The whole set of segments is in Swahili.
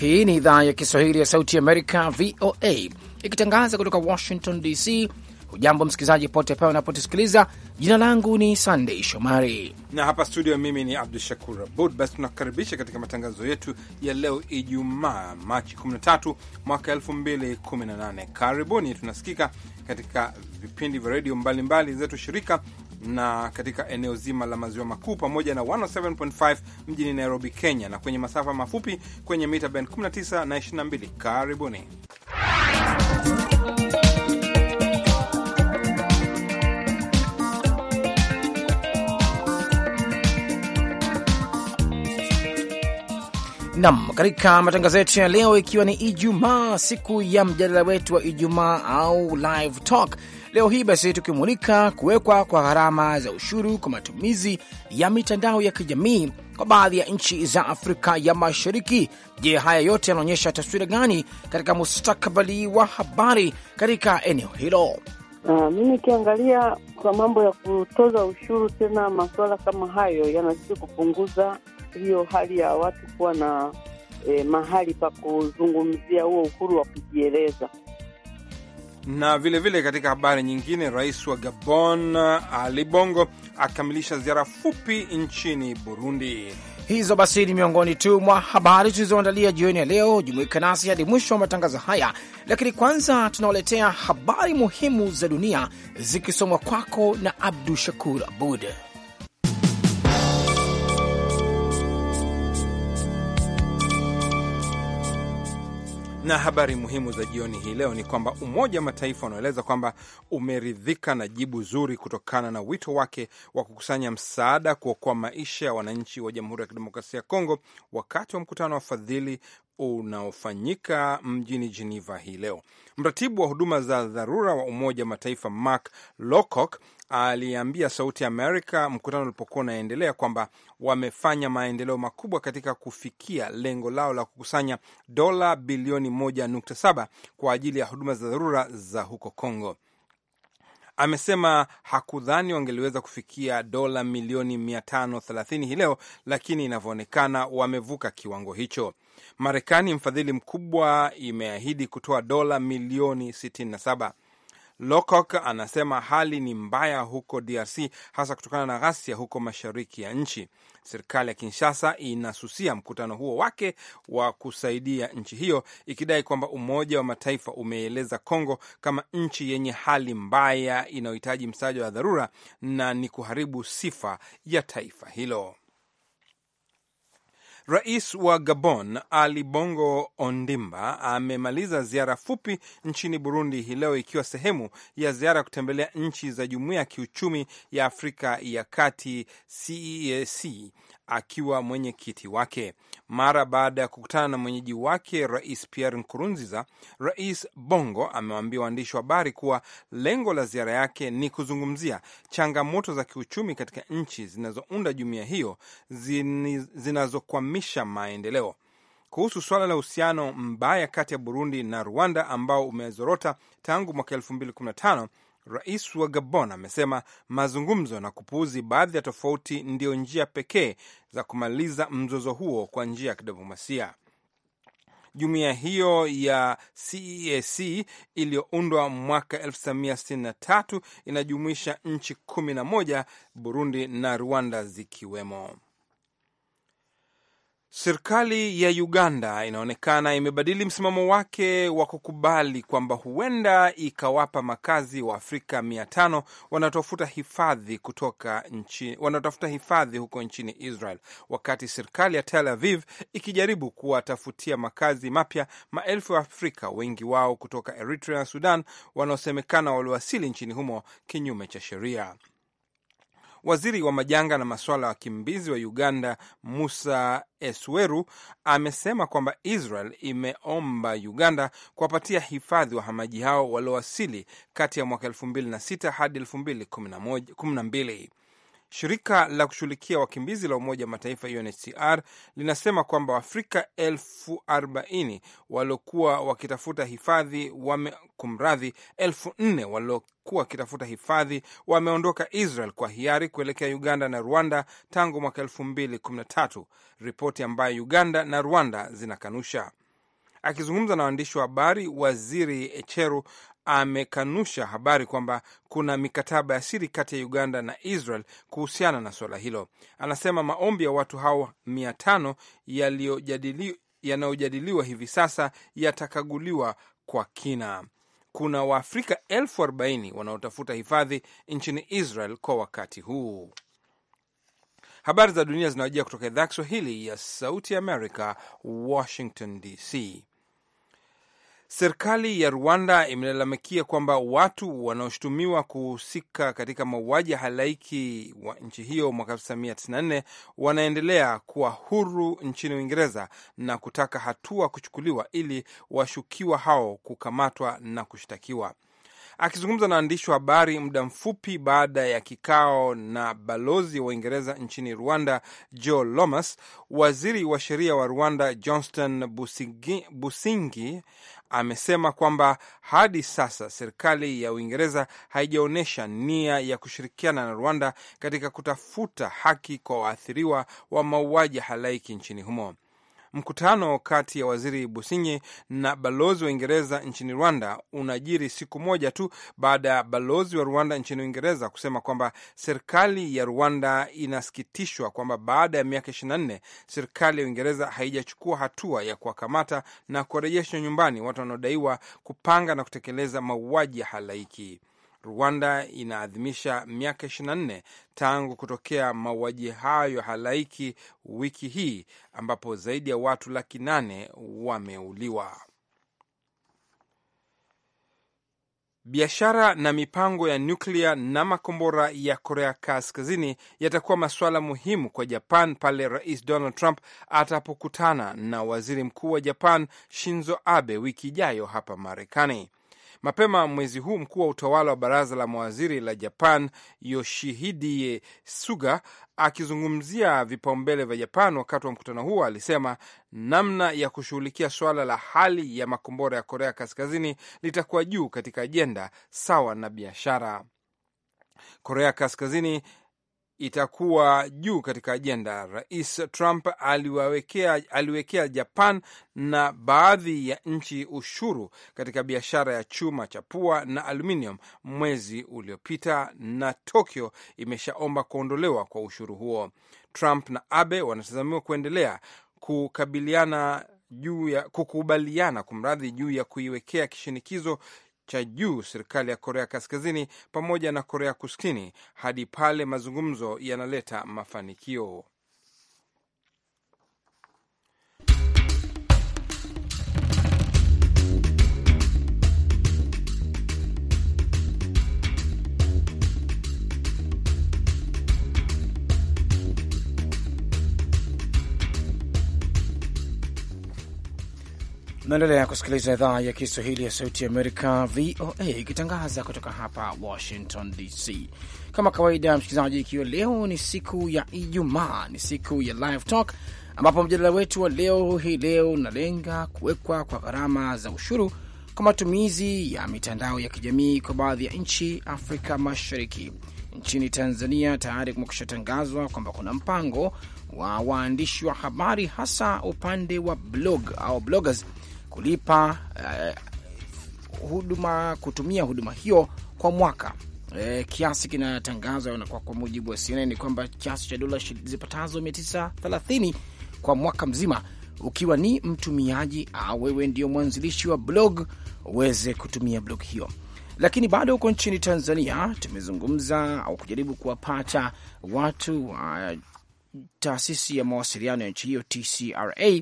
Hii ni idhaa ya Kiswahili ya Sauti Amerika, VOA, ikitangaza kutoka Washington DC. Hujambo msikilizaji pote pale unapotusikiliza. Jina langu ni Sandei Shomari na hapa studio mimi ni Abdu Shakur Abud. Basi tunakaribisha katika matangazo yetu ya leo Ijumaa, Machi 13 mwaka 2018. Karibuni. Tunasikika katika vipindi vya redio mbalimbali zetu shirika na katika eneo zima la maziwa makuu pamoja na 107.5 mjini Nairobi, Kenya, na kwenye masafa mafupi kwenye mita band 19 na 22. Karibuni. Nam, katika matangazo yetu ya leo, ikiwa ni Ijumaa, siku ya mjadala wetu wa Ijumaa au live talk leo hii basi tukimulika kuwekwa kwa gharama za ushuru kwa matumizi ya mitandao ya kijamii kwa baadhi ya nchi za Afrika ya Mashariki. Je, haya yote yanaonyesha taswira gani katika mustakabali wa habari katika eneo hilo? Uh, mimi nikiangalia kwa mambo ya kutoza ushuru, tena masuala kama hayo yanazidi kupunguza hiyo hali ya watu kuwa na eh, mahali pa kuzungumzia huo uhuru wa kujieleza. Na vilevile vile katika habari nyingine, rais wa Gabon Ali Bongo akamilisha ziara fupi nchini Burundi. Hizo basi ni miongoni tu mwa habari tulizoandalia jioni ya leo. Jumuika nasi hadi mwisho wa matangazo haya, lakini kwanza tunawaletea habari muhimu za dunia zikisomwa kwako na Abdu Shakur Abud. Na habari muhimu za jioni hii leo ni kwamba Umoja wa Mataifa unaeleza kwamba umeridhika na jibu zuri kutokana na wito wake wa kukusanya msaada kuokoa maisha ya wananchi wa Jamhuri ya Kidemokrasia ya Kongo wakati wa mkutano wa fadhili unaofanyika mjini Geneva hii leo. Mratibu wa huduma za dharura wa Umoja wa Mataifa Mark Lowcock aliambia Sauti Amerika mkutano ulipokuwa unaendelea kwamba wamefanya maendeleo makubwa katika kufikia lengo lao la kukusanya dola bilioni 1.7 kwa ajili ya huduma za dharura za huko congo Amesema hakudhani wangeliweza kufikia dola milioni 530 hii leo, lakini inavyoonekana wamevuka kiwango hicho. Marekani, mfadhili mkubwa, imeahidi kutoa dola milioni 67. Lokok anasema hali ni mbaya huko DRC, hasa kutokana na ghasia huko mashariki ya nchi. Serikali ya Kinshasa inasusia mkutano huo wake wa kusaidia nchi hiyo, ikidai kwamba Umoja wa Mataifa umeeleza Kongo kama nchi yenye hali mbaya inayohitaji msaada wa dharura na ni kuharibu sifa ya taifa hilo. Rais wa Gabon Ali Bongo Ondimba amemaliza ziara fupi nchini Burundi hii leo, ikiwa sehemu ya ziara ya kutembelea nchi za Jumuiya ya Kiuchumi ya Afrika ya Kati, CEAC, e akiwa mwenyekiti wake mara baada ya kukutana na mwenyeji wake Rais Pierre Nkurunziza. Rais Bongo amewaambia waandishi wa habari kuwa lengo la ziara yake ni kuzungumzia changamoto za kiuchumi katika nchi zinazounda jumuiya hiyo zinazokwamisha maendeleo. Kuhusu suala la uhusiano mbaya kati ya Burundi na Rwanda ambao umezorota tangu mwaka 215 Rais wa Gabon amesema mazungumzo na kupuuzi baadhi ya tofauti ndiyo njia pekee za kumaliza mzozo huo kwa njia ya kidiplomasia. Jumuiya hiyo ya CEAC e iliyoundwa mwaka 1963 inajumuisha nchi 11, Burundi na Rwanda zikiwemo. Serikali ya Uganda inaonekana imebadili msimamo wake wa kukubali kwamba huenda ikawapa makazi wa Afrika mia tano wanaotafuta hifadhi kutoka nchi wanaotafuta hifadhi huko nchini Israel, wakati serikali ya Tel Aviv ikijaribu kuwatafutia makazi mapya maelfu ya Afrika, wengi wao kutoka Eritrea na Sudan, wanaosemekana waliwasili nchini humo kinyume cha sheria. Waziri wa majanga na masuala ya wakimbizi wa Uganda, Musa Esweru, amesema kwamba Israel imeomba Uganda kuwapatia hifadhi wahamaji hao waliowasili kati ya mwaka 2006 hadi mbili Shirika la kushughulikia wakimbizi la Umoja wa Mataifa UNHCR linasema kwamba Waafrika elfu arobaini waliokuwa wakitafuta hifadhi wame, kumradhi, elfu nne waliokuwa wakitafuta hifadhi wameondoka Israel kwa hiari kuelekea Uganda na Rwanda tangu mwaka elfu mbili kumi na tatu, ripoti ambayo Uganda na Rwanda zinakanusha. Akizungumza na waandishi wa habari, waziri Echeru amekanusha habari kwamba kuna mikataba ya siri kati ya Uganda na Israel kuhusiana na suala hilo. Anasema maombi ya watu hao mia tano yanayojadiliwa hivi sasa yatakaguliwa kwa kina. Kuna Waafrika elfu arobaini wanaotafuta hifadhi nchini Israel kwa wakati huu. Habari za dunia zinawajia kutoka idhaa Kiswahili ya Sauti Amerika, Washington DC. Serikali ya Rwanda imelalamikia kwamba watu wanaoshutumiwa kuhusika katika mauaji ya halaiki wa nchi hiyo mwaka 1994 wanaendelea kuwa huru nchini Uingereza na kutaka hatua kuchukuliwa ili washukiwa hao kukamatwa na kushtakiwa. Akizungumza na waandishi wa habari muda mfupi baada ya kikao na balozi wa Uingereza nchini Rwanda Joe Lomas, waziri wa sheria wa Rwanda Johnston Busingi amesema kwamba hadi sasa serikali ya Uingereza haijaonyesha nia ya kushirikiana na Rwanda katika kutafuta haki kwa waathiriwa wa mauaji halaiki nchini humo. Mkutano kati ya waziri Businye na balozi wa Uingereza nchini Rwanda unajiri siku moja tu baada ya balozi wa Rwanda nchini Uingereza kusema kwamba serikali ya Rwanda inasikitishwa kwamba baada ya miaka 24 serikali ya Uingereza haijachukua hatua ya kuwakamata na kuwarejesha nyumbani watu wanaodaiwa kupanga na kutekeleza mauaji ya halaiki. Rwanda inaadhimisha miaka 24 tangu kutokea mauaji hayo halaiki wiki hii ambapo zaidi ya watu laki nane wameuliwa. Biashara na mipango ya nyuklia na makombora ya Korea Kaskazini yatakuwa masuala muhimu kwa Japan pale Rais Donald Trump atapokutana na Waziri Mkuu wa Japan Shinzo Abe wiki ijayo hapa Marekani. Mapema mwezi huu mkuu wa utawala wa baraza la mawaziri la Japan, Yoshihide Suga, akizungumzia vipaumbele vya Japan wakati wa mkutano huo, alisema namna ya kushughulikia suala la hali ya makombora ya Korea Kaskazini litakuwa juu katika ajenda sawa na biashara. Korea Kaskazini itakuwa juu katika ajenda. Rais Trump aliwawekea, aliwekea Japan na baadhi ya nchi ushuru katika biashara ya chuma cha pua na aluminium mwezi uliopita, na Tokyo imeshaomba kuondolewa kwa ushuru huo. Trump na Abe wanatazamiwa kuendelea kukabiliana juu ya kukubaliana kumradhi juu ya kuiwekea kishinikizo cha juu serikali ya Korea Kaskazini pamoja na Korea Kusini hadi pale mazungumzo yanaleta mafanikio. Naendelea kusikiliza idhaa ya Kiswahili ya Sauti ya Amerika, VOA, ikitangaza kutoka hapa Washington DC. Kama kawaida, msikilizaji, ikiwa leo ni siku ya Ijumaa, ni siku ya Live Talk, ambapo mjadala wetu wa leo hii leo unalenga kuwekwa kwa gharama za ushuru kwa matumizi ya mitandao ya kijamii kwa baadhi ya nchi Afrika Mashariki. Nchini Tanzania tayari kumekusha tangazwa kwamba kuna mpango wa waandishi wa habari hasa upande wa blog au bloggers kulipa eh, huduma kutumia huduma hiyo kwa mwaka. eh, kiasi kinatangazwa na kwa mujibu wa CNN ni kwamba kiasi cha dola zipatazo 930 kwa mwaka mzima, ukiwa ni mtumiaji au wewe ndio mwanzilishi wa blog uweze kutumia blog hiyo. Lakini bado huko nchini Tanzania tumezungumza au kujaribu kuwapata watu wa uh, taasisi ya mawasiliano ya nchi hiyo TCRA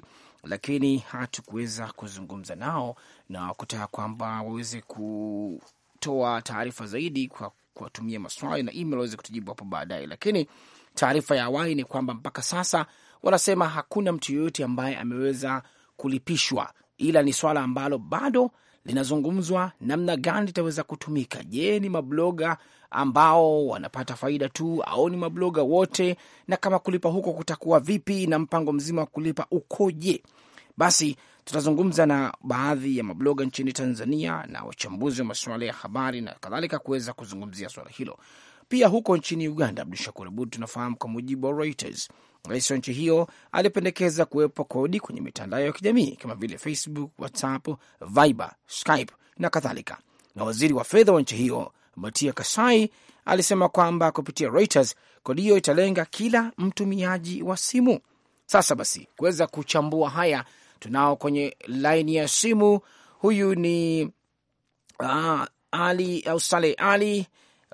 lakini hatukuweza kuzungumza nao na kutaka kwamba waweze kutoa taarifa zaidi kwa kuwatumia maswali na email waweze kutujibu hapo baadaye, lakini taarifa ya awali ni kwamba mpaka sasa wanasema hakuna mtu yoyote ambaye ameweza kulipishwa, ila ni swala ambalo bado linazungumzwa, namna gani litaweza kutumika. Je, ni mabloga ambao wanapata faida tu au ni mabloga wote? Na kama kulipa huko kutakuwa vipi, na mpango mzima wa kulipa ukoje? Basi tutazungumza na baadhi ya mabloga nchini Tanzania na wachambuzi wa masuala ya habari na kadhalika kuweza kuzungumzia swala hilo. Pia huko nchini Uganda, Abdu Shakur Abud, tunafahamu kwa mujibu wa Reuters, rais wa nchi hiyo alipendekeza kuwepo kodi kwenye mitandao ya kijamii kama vile Facebook, WhatsApp, Viber, Skype na kadhalika, na waziri wa fedha wa nchi hiyo Matia Kasai alisema kwamba kupitia Reuters kodi hiyo italenga kila mtumiaji wa simu. Sasa basi, kuweza kuchambua haya Tunao kwenye laini ya simu, huyu ni uh, Ali au sale Ali.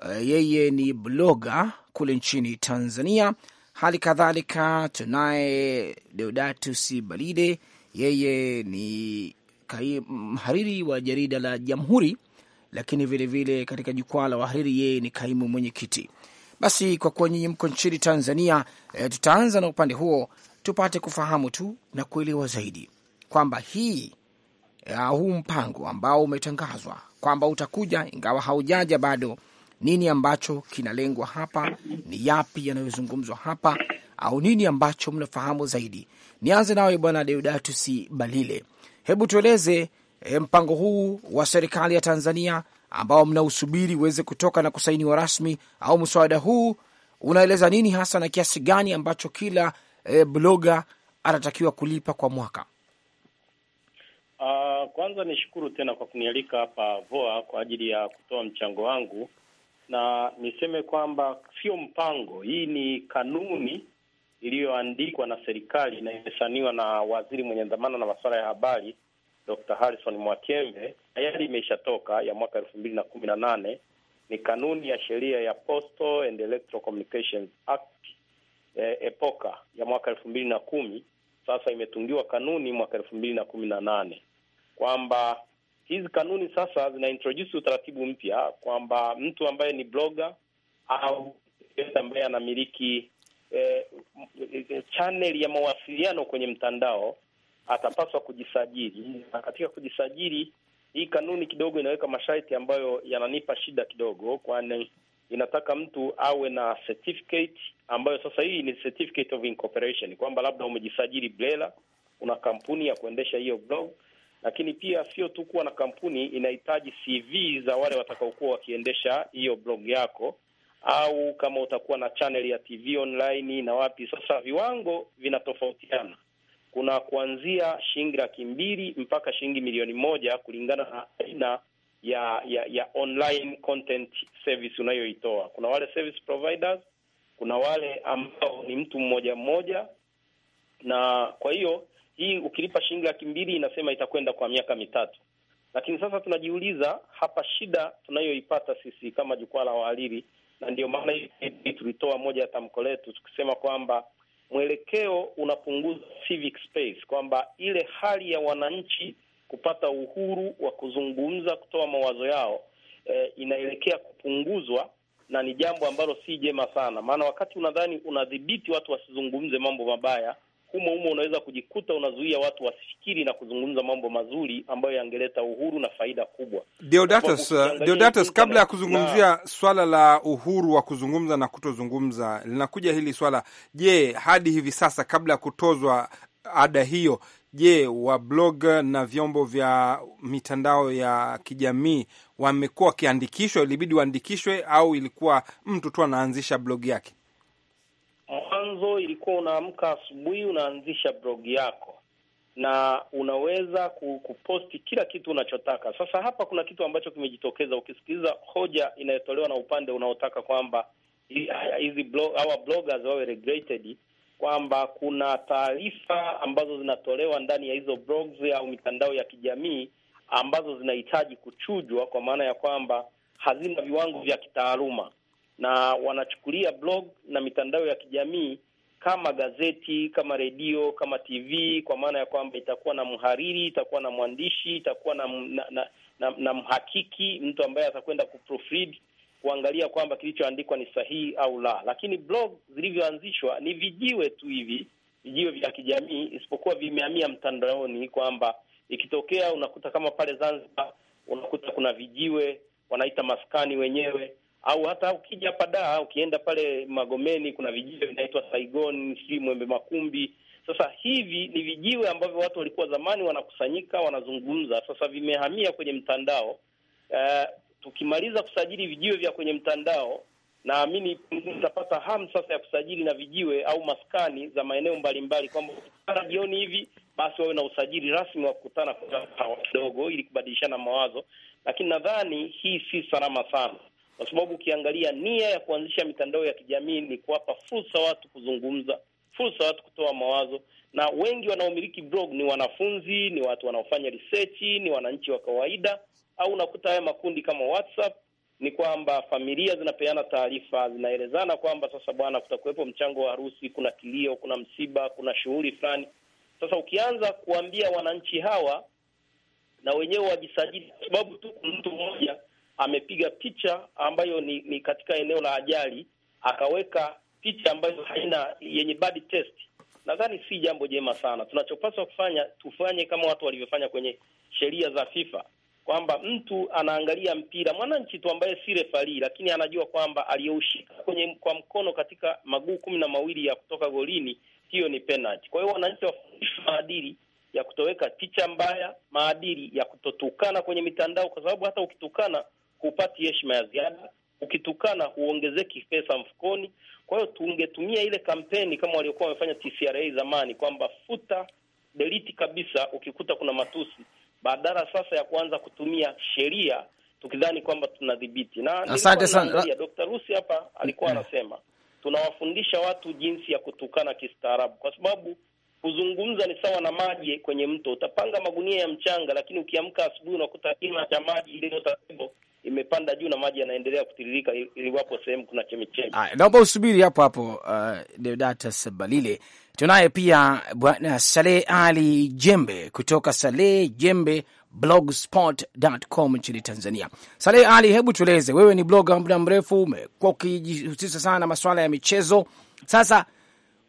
Uh, yeye ni bloga kule nchini Tanzania. Hali kadhalika tunaye Deodatus Balide, yeye ni mhariri wa jarida la Jamhuri, lakini vilevile vile katika jukwaa la wahariri yeye ni kaimu mwenyekiti. Basi kwa kuwa nyinyi mko nchini Tanzania, e, tutaanza na upande huo tupate kufahamu tu na kuelewa zaidi kwamba hii ya eh, huu mpango ambao umetangazwa kwamba utakuja ingawa haujaja bado, nini ambacho kinalengwa hapa, ni yapi yanayozungumzwa hapa, au nini ambacho mnafahamu zaidi? Nianze nawe Bwana Deodatus Balile, hebu tueleze e, mpango huu wa serikali ya Tanzania ambao mnausubiri uweze kutoka na kusainiwa rasmi, au mswada huu unaeleza nini hasa na kiasi gani ambacho kila e, bloga anatakiwa kulipa kwa mwaka? Uh, kwanza nishukuru tena kwa kunialika hapa VOA kwa ajili ya kutoa mchango wangu, na niseme kwamba sio mpango, hii ni kanuni iliyoandikwa na serikali na imesaniwa na waziri mwenye dhamana na masuala ya habari Dr. Harrison Mwakembe, tayari imeshatoka ya mwaka elfu mbili na kumi na nane. Ni kanuni ya sheria ya Postal and Electro Communications Act, eh, epoka ya mwaka elfu mbili na kumi sasa imetungiwa kanuni mwaka elfu mbili na kumi na nane kwamba hizi kanuni sasa zinaintroduce utaratibu mpya kwamba mtu ambaye ni blogger au ambaye anamiliki eh, channel ya mawasiliano kwenye mtandao atapaswa kujisajili, na katika kujisajili hii kanuni kidogo inaweka masharti ambayo yananipa shida kidogo, kwani inataka mtu awe na certificate ambayo sasa hii ni certificate of incorporation, kwamba labda umejisajili BRELA, una kampuni ya kuendesha hiyo blog. Lakini pia sio tu kuwa na kampuni, inahitaji CV za wale watakaokuwa wakiendesha hiyo blog yako, au kama utakuwa na channel ya TV online na wapi. Sasa viwango vinatofautiana, kuna kuanzia shilingi laki mbili mpaka shilingi milioni moja kulingana na aina ya ya ya online content service unayoitoa. Kuna wale service providers, kuna wale ambao ni mtu mmoja mmoja, na kwa hiyo hii ukilipa shilingi laki mbili inasema itakwenda kwa miaka mitatu. Lakini sasa tunajiuliza hapa, shida tunayoipata sisi kama jukwaa la wahariri, na ndio maana hii tulitoa moja ya tamko letu tukisema kwamba mwelekeo unapunguza civic space, kwamba ile hali ya wananchi kupata uhuru wa kuzungumza, kutoa mawazo yao eh, inaelekea kupunguzwa na ni jambo ambalo si jema sana, maana wakati unadhani unadhibiti watu wasizungumze mambo mabaya, humo humo unaweza kujikuta unazuia watu wasifikiri na kuzungumza mambo mazuri ambayo yangeleta uhuru na faida kubwa. Deodatus, Deodatus, kabla ya kuzungumzia na swala la uhuru wa kuzungumza na kutozungumza, linakuja hili swala, je, hadi hivi sasa kabla ya kutozwa ada hiyo Je, wablog na vyombo vya mitandao ya kijamii wamekuwa wakiandikishwa? Ilibidi waandikishwe au ilikuwa mtu tu anaanzisha blog yake? Mwanzo ilikuwa unaamka asubuhi, unaanzisha blog yako na unaweza kuposti kila kitu unachotaka. Sasa hapa kuna kitu ambacho kimejitokeza, ukisikiliza hoja inayotolewa na upande unaotaka kwamba hizi blog, bloggers wawe regulated kwamba kuna taarifa ambazo zinatolewa ndani ya hizo blogs au mitandao ya kijamii ambazo zinahitaji kuchujwa, kwa maana ya kwamba hazina viwango vya kitaaluma na wanachukulia blog na mitandao ya kijamii kama gazeti, kama redio, kama TV, kwa maana ya kwamba itakuwa na mhariri, itakuwa na mwandishi, itakuwa na na, na, na, na mhakiki, mtu ambaye atakwenda kuproofread kuangalia kwamba kilichoandikwa ni sahihi au la. Lakini blog zilivyoanzishwa ni vijiwe tu hivi, vijiwe vya kijamii, isipokuwa vimehamia mtandaoni, kwamba ikitokea unakuta kama pale Zanzibar unakuta kuna vijiwe wanaita maskani wenyewe, au hata ukija hapa Dar, ukienda pale Magomeni kuna vijiwe vinaitwa Saigon, sijui Mwembe Makumbi. Sasa hivi ni vijiwe ambavyo watu walikuwa zamani wanakusanyika wanazungumza, sasa vimehamia kwenye mtandao. Uh, tukimaliza kusajili vijiwe vya kwenye mtandao, naamini tutapata hamu sasa ya kusajili na vijiwe au maskani za maeneo mbalimbali, kwamba ukikutana jioni hivi basi wawe na usajili rasmi wa kukutana kwa kidogo, ili kubadilishana mawazo. Lakini nadhani hii si salama sana, kwa sababu ukiangalia nia ya kuanzisha mitandao ya kijamii ni kuwapa fursa watu kuzungumza, fursa watu kutoa mawazo, na wengi wanaomiliki blog ni wanafunzi, ni watu wanaofanya research, ni wananchi wa kawaida au unakuta haya makundi kama WhatsApp ni kwamba familia zinapeana taarifa, zinaelezana kwamba sasa, bwana, kutakuwepo mchango wa harusi, kuna kilio, kuna msiba, kuna shughuli fulani. Sasa ukianza kuambia wananchi hawa na wenyewe wajisajili, kwa sababu tu mtu mmoja amepiga picha ambayo ni, ni katika eneo la ajali akaweka picha ambayo haina yenye bad test, nadhani si jambo jema sana. Tunachopaswa kufanya tufanye kama watu walivyofanya kwenye sheria za FIFA kwamba mtu anaangalia mpira, mwananchi tu ambaye si refari, lakini anajua kwamba aliyeushika kwenye kwa mkono katika maguu kumi na mawili ya kutoka golini, hiyo ni penalty. Kwa hiyo wananchi wafundishwe maadili ya kutoweka picha mbaya, maadili ya kutotukana kwenye mitandao, kwa sababu hata ukitukana hupati heshima ya ziada, ukitukana huongezeki pesa mfukoni. Kwa hiyo tungetumia ile kampeni kama waliokuwa wamefanya TCRA zamani, kwamba futa delete kabisa ukikuta kuna matusi badala sasa ya kuanza kutumia sheria tukidhani kwamba tunadhibiti. Na asante sana Dr. Rusi hapa alikuwa anasema tunawafundisha watu jinsi ya kutukana kistaarabu, kwa sababu kuzungumza ni sawa na maji kwenye mto. Utapanga magunia ya mchanga, lakini ukiamka asubuhi unakuta kima cha maji iliyo tatibo imepanda juu na maji yanaendelea kutiririka iliwapo sehemu kuna chemichemi. Ah, Naomba usubiri hapo hapo, uh, Deodatus Balile. Tunaye pia bwana Saleh Ali Jembe kutoka Saleh Jembe blogspot.com nchini Tanzania. Saleh Ali, hebu tueleze, wewe ni bloga muda mrefu, umekuwa ukijihusisha sana na masuala ya michezo. Sasa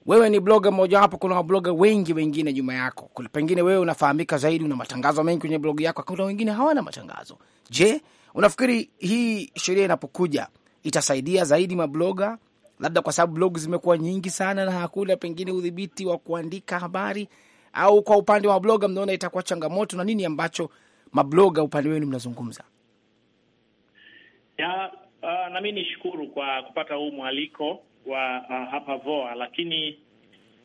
wewe ni bloga mmojawapo, kuna wabloga wengi wengine nyuma yako, pengine wewe unafahamika zaidi, una matangazo mengi kwenye blogu yako, kuna wengine hawana matangazo. Je, Unafikiri hii sheria inapokuja itasaidia zaidi mabloga, labda kwa sababu blog zimekuwa nyingi sana na hakuna pengine udhibiti wa kuandika habari, au kwa upande wa mabloga mnaona itakuwa changamoto, na nini ambacho mabloga upande wenu mnazungumza? Ya, uh, ah, nami nishukuru kwa kupata huu mwaliko wa uh, hapa VOA, lakini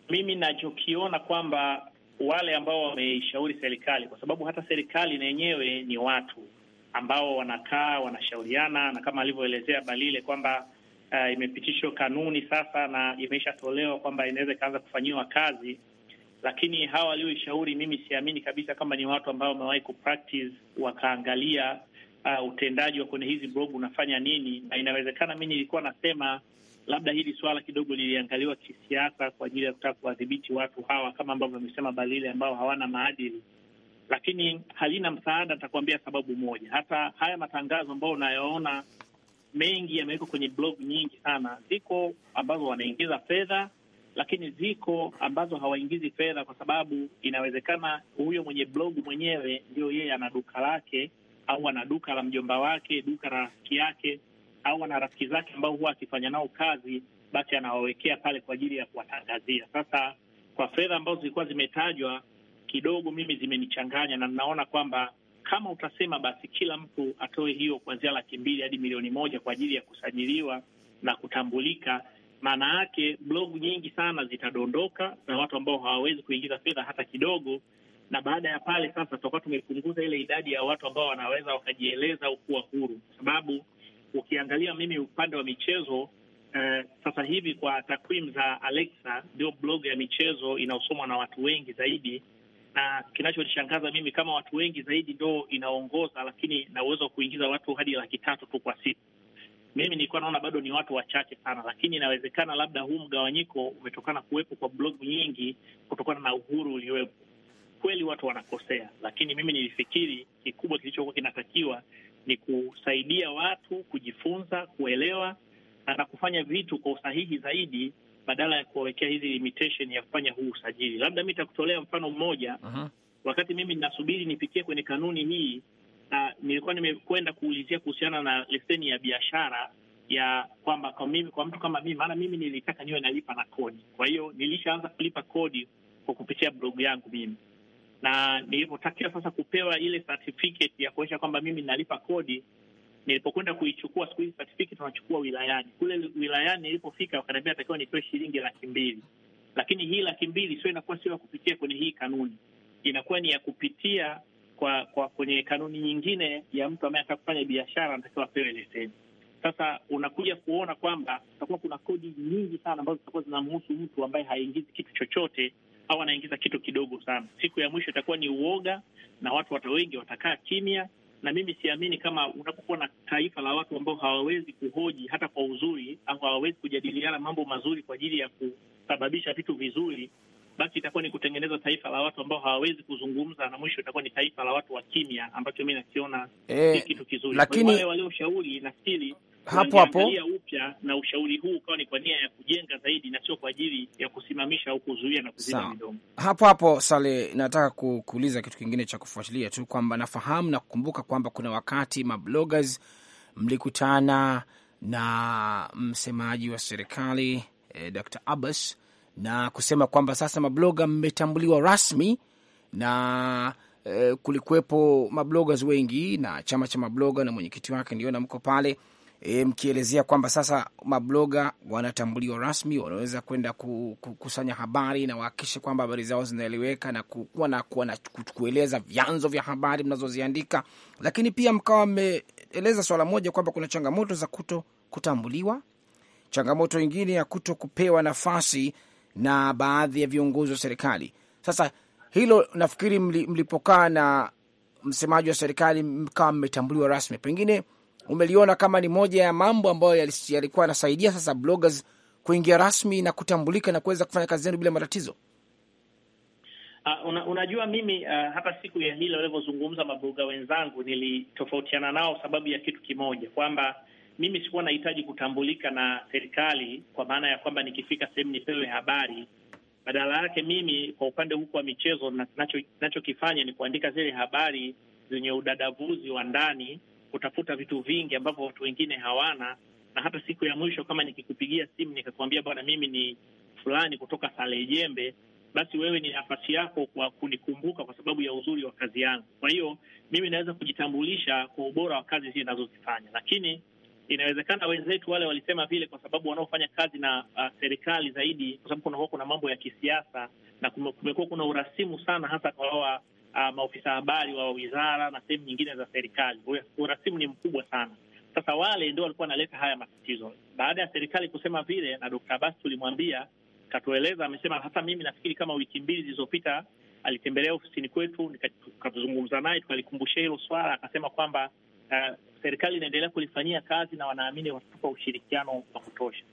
mimi nachokiona kwamba wale ambao wameishauri serikali, kwa sababu hata serikali na yenyewe ni watu ambao wanakaa wanashauriana, na kama alivyoelezea Balile kwamba uh, imepitishwa kanuni sasa na imeshatolewa kwamba inaweza ikaanza kufanyiwa kazi, lakini hawa walioishauri, mimi siamini kabisa kama ni watu ambao wamewahi kupractice wakaangalia uh, utendaji wa kwenye hizi blog unafanya nini, na inawezekana mi nilikuwa nasema labda hili swala kidogo liliangaliwa kisiasa kwa ajili ya kutaka kuwadhibiti watu hawa, kama ambavyo amesema Balile, ambao hawana maadili lakini halina msaada. Nitakuambia sababu moja, hata haya matangazo ambayo unayoona mengi yamewekwa kwenye blog nyingi sana, ziko ambazo wanaingiza fedha, lakini ziko ambazo hawaingizi fedha, kwa sababu inawezekana huyo mwenye blog mwenyewe ndio yeye ana duka lake au ana duka la mjomba wake, duka la rafiki yake, au ana rafiki zake ambao huwa akifanya nao kazi, basi anawawekea pale kwa ajili ya kuwatangazia. Sasa kwa fedha ambazo zilikuwa zimetajwa kidogo mimi zimenichanganya, na ninaona kwamba kama utasema basi kila mtu atoe hiyo kuanzia laki mbili hadi milioni moja kwa ajili ya kusajiliwa na kutambulika, maana yake blogu nyingi sana zitadondoka na watu ambao hawawezi kuingiza fedha hata kidogo. Na baada ya pale sasa, tutakuwa tumepunguza ile idadi ya watu ambao wanaweza wakajieleza au kuwa huru, kwa sababu ukiangalia mimi upande wa michezo Uh, sasa hivi kwa takwimu za Alexa ndio blogu ya michezo inaosomwa na watu wengi zaidi na kinachonishangaza mimi kama watu wengi zaidi ndo inaongoza, lakini na uwezo wa kuingiza watu hadi laki tatu tu kwa siku. Mimi nilikuwa naona bado ni watu wachache sana, lakini inawezekana labda huu mgawanyiko umetokana kuwepo kwa blogu nyingi kutokana na uhuru uliowepo. Kweli watu wanakosea, lakini mimi nilifikiri kikubwa kilichokuwa kinatakiwa ni kusaidia watu kujifunza, kuelewa na kufanya vitu kwa usahihi zaidi badala ya kuwawekea hizi limitation ya kufanya huu usajili. Labda mi nitakutolea mfano mmoja. uh -huh. Wakati mimi ninasubiri nipitie kwenye kanuni hii uh, nilikuwa nimekwenda kuulizia kuhusiana na leseni ya biashara ya kwamba kwa mimi, kwa mtu kama mimi, maana mimi nilitaka niwe nalipa na kodi, kwa hiyo nilishaanza kulipa kodi kwa kupitia blogu yangu mimi, na nilipotakiwa sasa kupewa ile certificate ya kuonyesha kwamba mimi nalipa kodi Nilipokwenda kuichukua siku hizi certificate tunachukua wilayani, kule wilayani nilipofika wakaniambia takiwa nitoe shilingi laki mbili, lakini hii laki mbili sio inakuwa sio ya kupitia kwenye hii kanuni, inakuwa ni ya kupitia kwa kwa kwenye kanuni nyingine ya mtu ambaye anataka kufanya biashara anatakiwa apewe leseni. Sasa unakuja kuona kwamba kutakuwa kuna kodi nyingi sana ambazo zitakuwa zinamhusu mtu ambaye haingizi kitu chochote au anaingiza kitu kidogo sana. Siku ya mwisho itakuwa ni uoga, na watu wata wengi watakaa kimya na mimi siamini kama unapokuwa na taifa la watu ambao hawawezi kuhoji hata kwa uzuri au hawawezi kujadiliana mambo mazuri kwa ajili ya kusababisha vitu vizuri, basi itakuwa ni kutengeneza taifa la watu ambao hawawezi kuzungumza, na mwisho itakuwa ni taifa la watu wa kimya, ambacho mi nakiona si eh, kitu kizuri. Lakini wale walioshauri nafikiri hapo hapo upya na ushauri huu ukawa ni kwa nia ya kujenga zaidi na sio kwa ajili ya kusimamisha au kuzuia na kuzima midomo. Hapo hapo Sale, nataka kuuliza kitu kingine cha kufuatilia tu kwamba nafahamu na kukumbuka kwamba kuna wakati mabloggers mlikutana na msemaji wa serikali eh, Dr. Abbas na kusema kwamba sasa mabloga mmetambuliwa rasmi na eh, kulikuwepo mabloggers wengi na chama cha mabloga na mwenyekiti wake, ndiona mko pale e, mkielezea kwamba sasa mabloga wanatambuliwa rasmi, wanaweza kwenda kukusanya habari na wahakikishe kwamba habari zao zinaeleweka na kuwa na kueleza vyanzo vya habari mnazoziandika, lakini pia mkawa mmeeleza swala moja kwamba kuna changamoto za kuto kutambuliwa, changamoto ingine ya kuto kupewa nafasi na baadhi ya viongozi wa serikali. Sasa hilo nafikiri mlipokaa na msemaji wa serikali mkawa mmetambuliwa rasmi, pengine umeliona kama ni moja ya mambo ambayo yalikuwa yanasaidia sasa bloggers kuingia rasmi na kutambulika na kuweza kufanya kazi zenu bila matatizo? Uh, una, unajua mimi uh, ah, hata siku ya hilo walivyozungumza mabloga wenzangu nilitofautiana nao sababu ya kitu kimoja, kwamba mimi sikuwa nahitaji kutambulika na serikali kwa maana ya kwamba nikifika sehemu nipewe habari. Badala yake mimi kwa upande huku wa michezo nachokifanya nacho ni kuandika zile habari zenye udadavuzi wa ndani kutafuta vitu vingi ambavyo watu wengine hawana. Na hata siku ya mwisho kama nikikupigia simu nikakwambia, bwana, mimi ni fulani kutoka Salejembe, basi wewe ni nafasi yako kwa kunikumbuka kwa sababu ya uzuri wa kazi yangu. Kwa hiyo mimi naweza kujitambulisha kwa ubora wa kazi zile nazozifanya lakini inawezekana wenzetu wale walisema vile kwa sababu wanaofanya kazi na uh, serikali zaidi, kwa sababu kunakuwa kuna mambo ya kisiasa na kumekuwa kuna urasimu sana, hasa kwa hawa uh, maofisa habari wa wizara na sehemu nyingine za serikali. Urasimu ni mkubwa sana. Sasa wale ndio walikuwa wanaleta haya matatizo. Baada ya serikali kusema vile, na Dkt. Abbas tulimwambia, katueleza, amesema hata mimi nafikiri kama wiki mbili zilizopita alitembelea ofisini kwetu, tukazungumza naye, tukalikumbusha hilo swala, akasema kwamba uh, serikali inaendelea kulifanyia kazi na wanaamini watatupa ushirikiano wa kutosha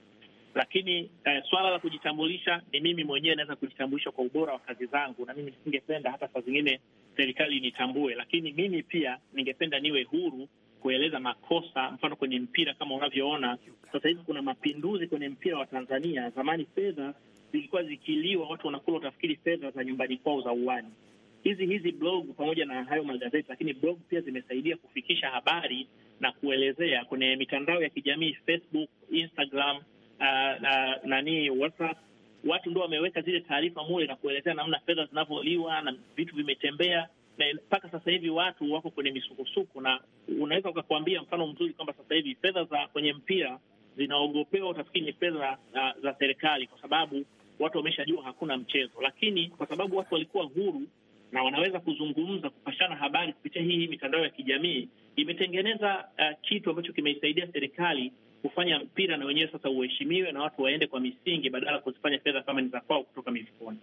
lakini eh, swala la kujitambulisha ni mimi mwenyewe naweza kujitambulisha kwa ubora wa kazi zangu, na mimi nisingependa hata saa zingine serikali nitambue, lakini mimi pia ningependa niwe huru kueleza makosa. Mfano kwenye mpira kama unavyoona sasa hivi kuna mapinduzi kwenye mpira wa Tanzania. Zamani fedha zilikuwa zikiliwa, watu wanakula, utafikiri fedha za nyumbani kwao za uwani. Hizi hizi blog pamoja na hayo magazeti, lakini blog pia zimesaidia kufikisha habari na kuelezea kwenye mitandao ya kijamii, Facebook, Instagram Ah, na nani WhatsApp, watu ndo wameweka zile taarifa mule na kuelezea namna fedha zinavyoliwa na vitu vimetembea, na mpaka sasa hivi watu wako kwenye misukosuko, na unaweza ukakuambia mfano mzuri kwamba sasa hivi fedha za kwenye mpira zinaogopewa, utafikiri ni fedha za, za serikali, kwa sababu watu wameshajua hakuna mchezo, lakini kwa sababu watu walikuwa huru na wanaweza kuzungumza, kupashana habari kupitia hii mitandao ya kijamii, imetengeneza uh, kitu ambacho kimeisaidia serikali kufanya mpira na wenyewe sasa uheshimiwe na watu waende kwa misingi badala ya kuzifanya fedha kama ni za kwao kutoka mifukoni.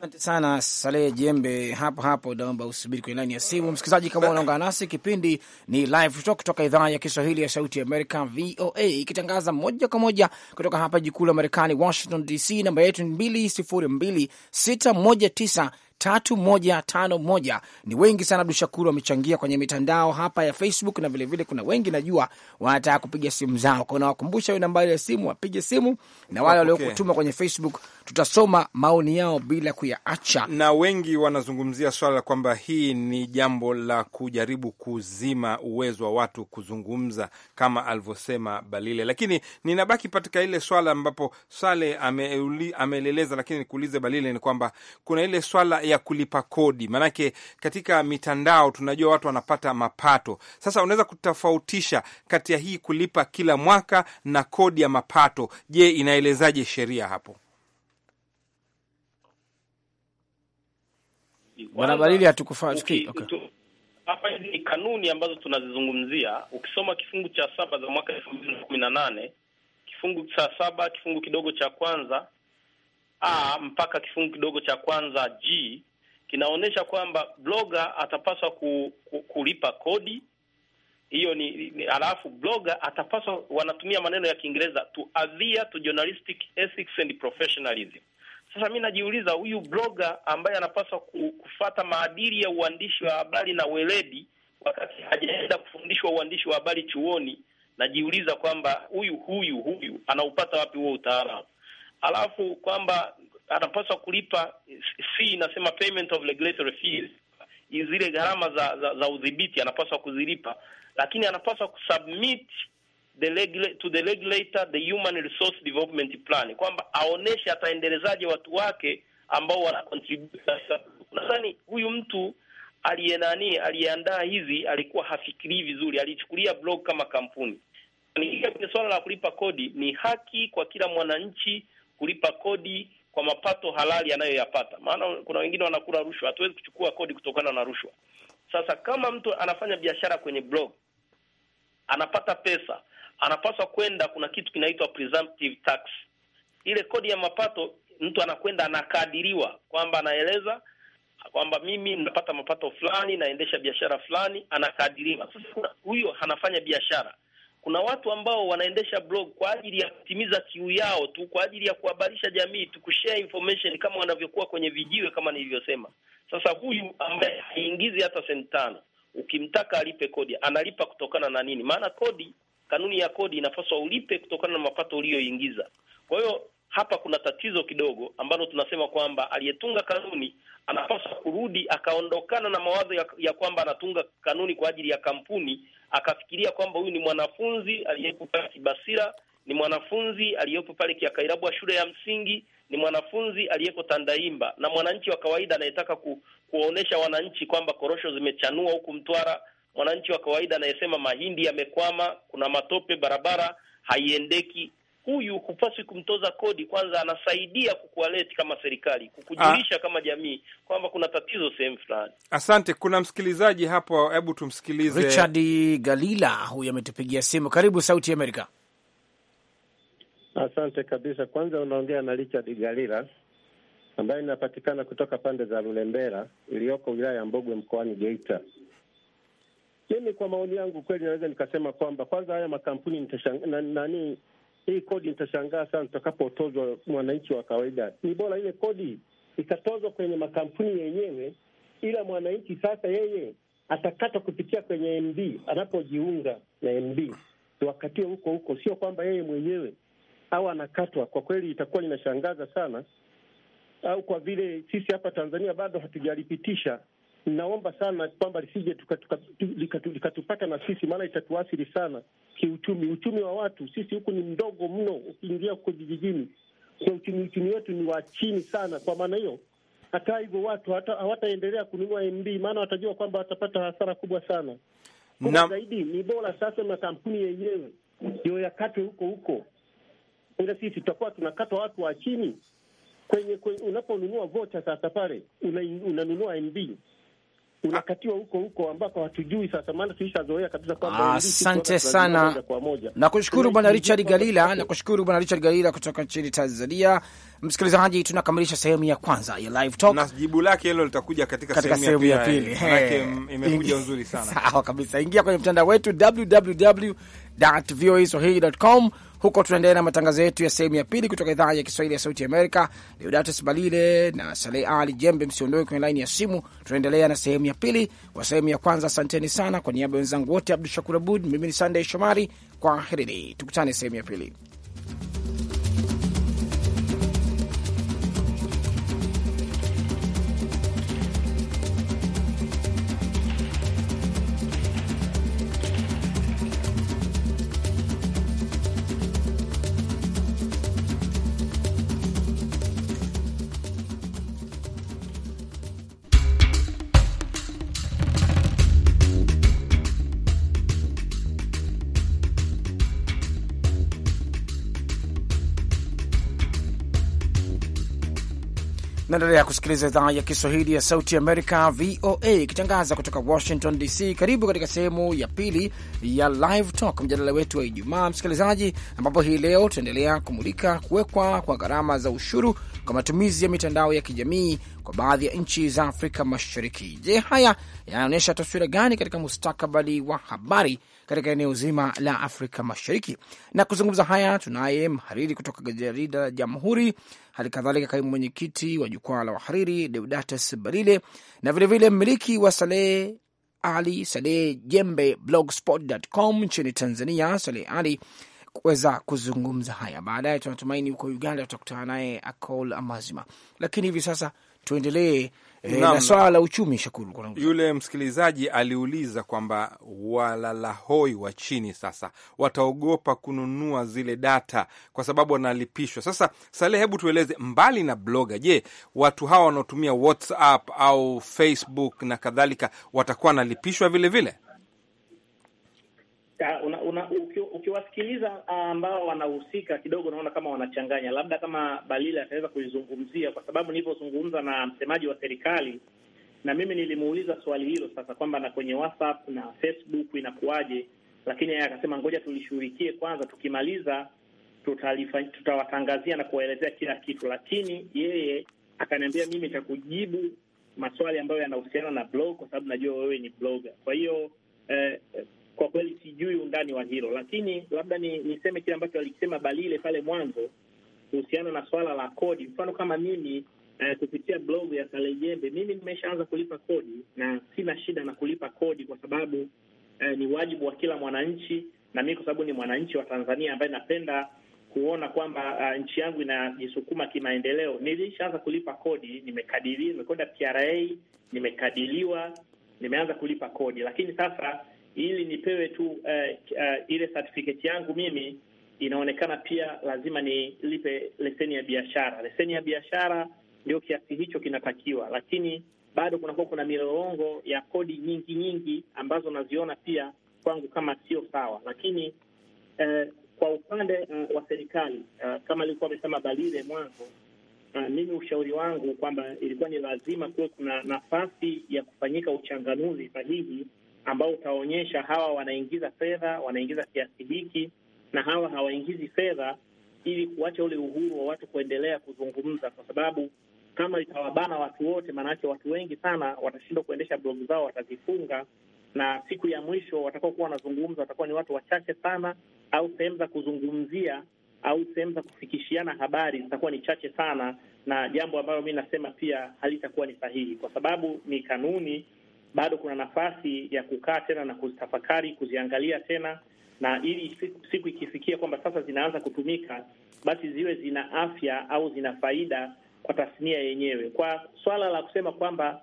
Asante sana Salehe Jembe, hapo hapo naomba usubiri kwenye laini ya simu. Msikilizaji, kama unaungana nasi, kipindi ni Live Talk kutoka idhaa ya Kiswahili ya Sauti ya Amerika, VOA, ikitangaza moja kwa moja kutoka hapa jikuu la Marekani, Washington DC. Namba yetu ni 202619 tatu moja tano moja. Ni wengi sana, Abdu Shakuru, wamechangia kwenye mitandao hapa ya Facebook na vilevile vile kuna wengi najua wanataka kupiga simu zao kwao. Nawakumbusha hiyo nambari ya simu, wapige simu na wale waliokutuma okay, kwenye Facebook tutasoma maoni yao bila kuyaacha, na wengi wanazungumzia swala la kwamba hii ni jambo la kujaribu kuzima uwezo wa watu kuzungumza kama alivyosema Balile, lakini ninabaki katika ile swala ambapo Sale ameeleza, lakini nikuulize Balile, ni kwamba kuna ile swala ya kulipa kodi, maanake katika mitandao tunajua watu wanapata mapato. Sasa unaweza kutofautisha kati ya hii kulipa kila mwaka na kodi ya mapato. Je, inaelezaje sheria hapo? Bwana hatukufahamu. Okay. ni kanuni ambazo tunazizungumzia. Ukisoma kifungu cha saba za mwaka elfu mbili na kumi na nane kifungu cha saba kifungu kidogo cha kwanza a mpaka kifungu kidogo cha kwanza g kinaonyesha kwamba bloga atapaswa ku, ku, kulipa kodi hiyo ni, ni alafu bloga atapaswa, wanatumia maneno ya Kiingereza to adhere to journalistic ethics and professionalism. Sasa mi najiuliza huyu bloga ambaye anapaswa kufata maadili ya uandishi wa habari na weledi, wakati hajaenda kufundishwa uandishi wa habari chuoni, najiuliza kwamba huyu huyu huyu anaupata wapi huo utaalamu? alafu kwamba anapaswa kulipa fee, inasema payment of regulatory fees, zile gharama za za, za udhibiti anapaswa kuzilipa, lakini anapaswa kusubmit the regula to the regulator the human resource development plan, kwamba aoneshe ataendelezaje watu wake ambao wana contribute. Nadhani huyu mtu aliye nani aliyeandaa hizi alikuwa hafikirii vizuri, alichukulia blog kama kampuni. Kwenye suala la kulipa kodi, ni haki kwa kila mwananchi kulipa kodi kwa mapato halali anayoyapata Maana kuna wengine wanakula rushwa, hatuwezi kuchukua kodi kutokana na rushwa. Sasa kama mtu anafanya biashara kwenye blog, anapata pesa, anapaswa kwenda, kuna kitu kinaitwa presumptive tax. Ile kodi ya mapato, mtu anakwenda anakadiriwa, kwamba anaeleza kwamba mimi napata mapato fulani, naendesha biashara fulani, anakadiriwa. Sasa huyo anafanya biashara kuna watu ambao wanaendesha blog kwa ajili ya kutimiza kiu yao tu, kwa ajili ya kuhabarisha jamii tu, kushare information kama wanavyokuwa kwenye vijiwe, kama nilivyosema. Sasa huyu ambaye haingizi hata senti tano, ukimtaka alipe kodi, analipa kutokana na nini? Maana kodi, kanuni ya kodi inapaswa ulipe kutokana na mapato uliyoingiza. Kwa hiyo hapa kuna tatizo kidogo ambalo tunasema kwamba aliyetunga kanuni anapaswa kurudi akaondokana na mawazo ya, ya kwamba anatunga kanuni kwa ajili ya kampuni, akafikiria kwamba huyu ni mwanafunzi aliyepo pale Kibasira, ni mwanafunzi aliyepo pale wa shule ya msingi, ni mwanafunzi aliyeko Tandaimba, na mwananchi wa kawaida anayetaka ku, kuwaonyesha wananchi kwamba korosho zimechanua huku Mtwara, mwananchi wa kawaida anayesema mahindi yamekwama, kuna matope, barabara haiendeki huyu hupaswi kumtoza kodi. Kwanza anasaidia kukualeti kama serikali, kukujulisha ah. kama jamii kwamba kuna tatizo sehemu fulani. Asante. Kuna msikilizaji hapo, hebu tumsikilize. Richard Galila huyu ametupigia simu. Karibu Sauti ya Amerika. Asante kabisa. Kwanza unaongea na Richard Galila ambaye inapatikana kutoka pande za Lulembera iliyoko wilaya ya Mbogwe mkoani Geita. Mimi kwa maoni yangu kweli naweza nikasema kwamba kwanza haya makampuni nani hii kodi nitashangaa sana tutakapotozwa mwananchi wa kawaida. Ni bora ile kodi ikatozwa kwenye makampuni yenyewe, ila mwananchi sasa yeye atakata kupitia kwenye MB anapojiunga na MB, wakatiwe huko huko, sio kwamba yeye mwenyewe au anakatwa. Kwa kweli itakuwa linashangaza sana, au kwa vile sisi hapa Tanzania bado hatujalipitisha naomba sana kwamba lisije likatupata na sisi, maana itatuathiri sana kiuchumi, uchumi wa watu. Sisi huku ni mdogo mno, ukiingia huko vijijini kwa uchumi, uchumi wetu ni wa chini sana. Kwa maana hiyo, hata hivyo watu hawataendelea kununua MB, maana watajua kwamba watapata hasara kubwa sana. Na zaidi ni bora sasa makampuni yenyewe ndio yakatwe huko huko, ila sisi tutakuwa tunakata watu wa chini kwenye, kwenye unaponunua vocha sasa pale unanunua una MB unakatiwa huko huko ambako hatujui sasa, maana tulishazoea kabisa kwamba. Ah, asante sana, nakushukuru bwana Richard Galila, nakushukuru bwana Richard Galila kutoka nchini Tanzania. Msikilizaji, tunakamilisha sehemu ya kwanza ya live talk, na jibu lake hilo litakuja katika, katika sehemu ya pili. Imekuja nzuri sana, sawa kabisa. Ingia kwenye mtandao wetu www huko tunaendelea na matangazo yetu ya sehemu ya pili kutoka idhaa ya Kiswahili ya Sauti Amerika. Deodatus Balile na Saleh Ali Jembe, msiondoe kwenye laini ya simu, tunaendelea na sehemu ya pili. Kwa sehemu ya kwanza, asanteni sana kwa niaba ya wenzangu wote, Abdu Shakur Abud, mimi ni Sandey Shomari, kwa herini tukutane sehemu ya pili. Naendelea kusikiliza idhaa ya Kiswahili ya Sauti Amerika, VOA, ikitangaza kutoka Washington DC. Karibu katika sehemu ya pili ya Live Talk, mjadala wetu wa Ijumaa, msikilizaji, ambapo hii leo tutaendelea kumulika kuwekwa kwa gharama za ushuru kwa matumizi ya mitandao ya kijamii kwa baadhi ya nchi za Afrika Mashariki. Je, haya yanaonyesha taswira gani katika mustakabali wa habari katika eneo zima la Afrika Mashariki? Na kuzungumza haya tunaye mhariri kutoka jarida la Jamhuri hali kadhalika kaimu mwenyekiti wa jukwaa la wahariri Deodatus Balile na vilevile mmiliki wa Saleh Ali salehe Jembe blogspot.com nchini Tanzania, Saleh Ali kuweza kuzungumza haya baadaye. Tunatumaini huko Uganda tutakutana naye Akol Amazima, lakini hivi sasa tuendelee E, na swala la uchumi Shakuru, kuna yule msikilizaji aliuliza kwamba walalahoi wa chini sasa wataogopa kununua zile data kwa sababu wanalipishwa. Sasa Saleh, hebu tueleze, mbali na bloga, je, watu hawa wanaotumia WhatsApp au Facebook na kadhalika watakuwa wanalipishwa vilevile? una, una, ukiwasikiliza ah, ambao wanahusika kidogo, unaona kama wanachanganya. Labda kama Balila ataweza kuizungumzia, kwa sababu nilivyozungumza na msemaji wa serikali na mimi nilimuuliza swali hilo sasa, kwamba na kwenye WhatsApp na Facebook inakuwaje, lakini yeye akasema ngoja tulishughulikie kwanza, tukimaliza tutalifa, tutawatangazia na kuwaelezea kila kitu. Lakini yeye akaniambia mimi kujibu maswali ambayo yanahusiana na blog, kwa sababu najua wewe ni blogger. Kwa hiyo eh, kwa kweli sijui undani wa hilo, lakini labda ni, niseme kile ambacho alikisema Balile pale mwanzo kuhusiana na swala la kodi. Mfano kama mimi eh, kupitia blogu ya Kalejembe, mimi nimeshaanza kulipa kodi na sina shida na kulipa kodi kwa sababu eh, ni wajibu wa kila mwananchi, na mimi kwa sababu ni mwananchi wa Tanzania ambaye napenda kuona kwamba uh, nchi yangu inajisukuma kimaendeleo. Nilishaanza kulipa kodi, nimekadiriwa, nimekwenda TRA, nimekadiriwa, nimeanza kulipa kodi, lakini sasa ili nipewe tu uh, uh, ile certificate yangu mimi, inaonekana pia lazima nilipe leseni ya biashara. Leseni ya biashara ndio kiasi hicho kinatakiwa, lakini bado kunakuwa kuna milolongo ya kodi nyingi nyingi ambazo naziona pia kwangu kama sio sawa, lakini eh, kwa upande uh, wa serikali uh, kama ilikuwa amesema Balile mwanzo uh, mimi ushauri wangu kwamba ilikuwa ni lazima kuwe kuna nafasi ya kufanyika uchanganuzi sahihi ambao utaonyesha hawa wanaingiza fedha, wanaingiza kiasi hiki na hawa hawaingizi fedha, ili kuacha ule uhuru wa watu kuendelea kuzungumza, kwa sababu kama itawabana watu wote, maanake watu wengi sana watashindwa kuendesha blog zao, watazifunga, na siku ya mwisho watakaokuwa wanazungumza watakuwa ni watu wachache sana, au sehemu za kuzungumzia au sehemu za kufikishiana habari zitakuwa ni chache sana, na jambo ambalo mi nasema pia halitakuwa ni sahihi, kwa sababu ni kanuni bado kuna nafasi ya kukaa tena na kuzitafakari, kuziangalia tena, na ili siku ikifikia kwamba sasa zinaanza kutumika, basi ziwe zina afya au zina faida kwa tasnia yenyewe. Kwa swala la kusema kwamba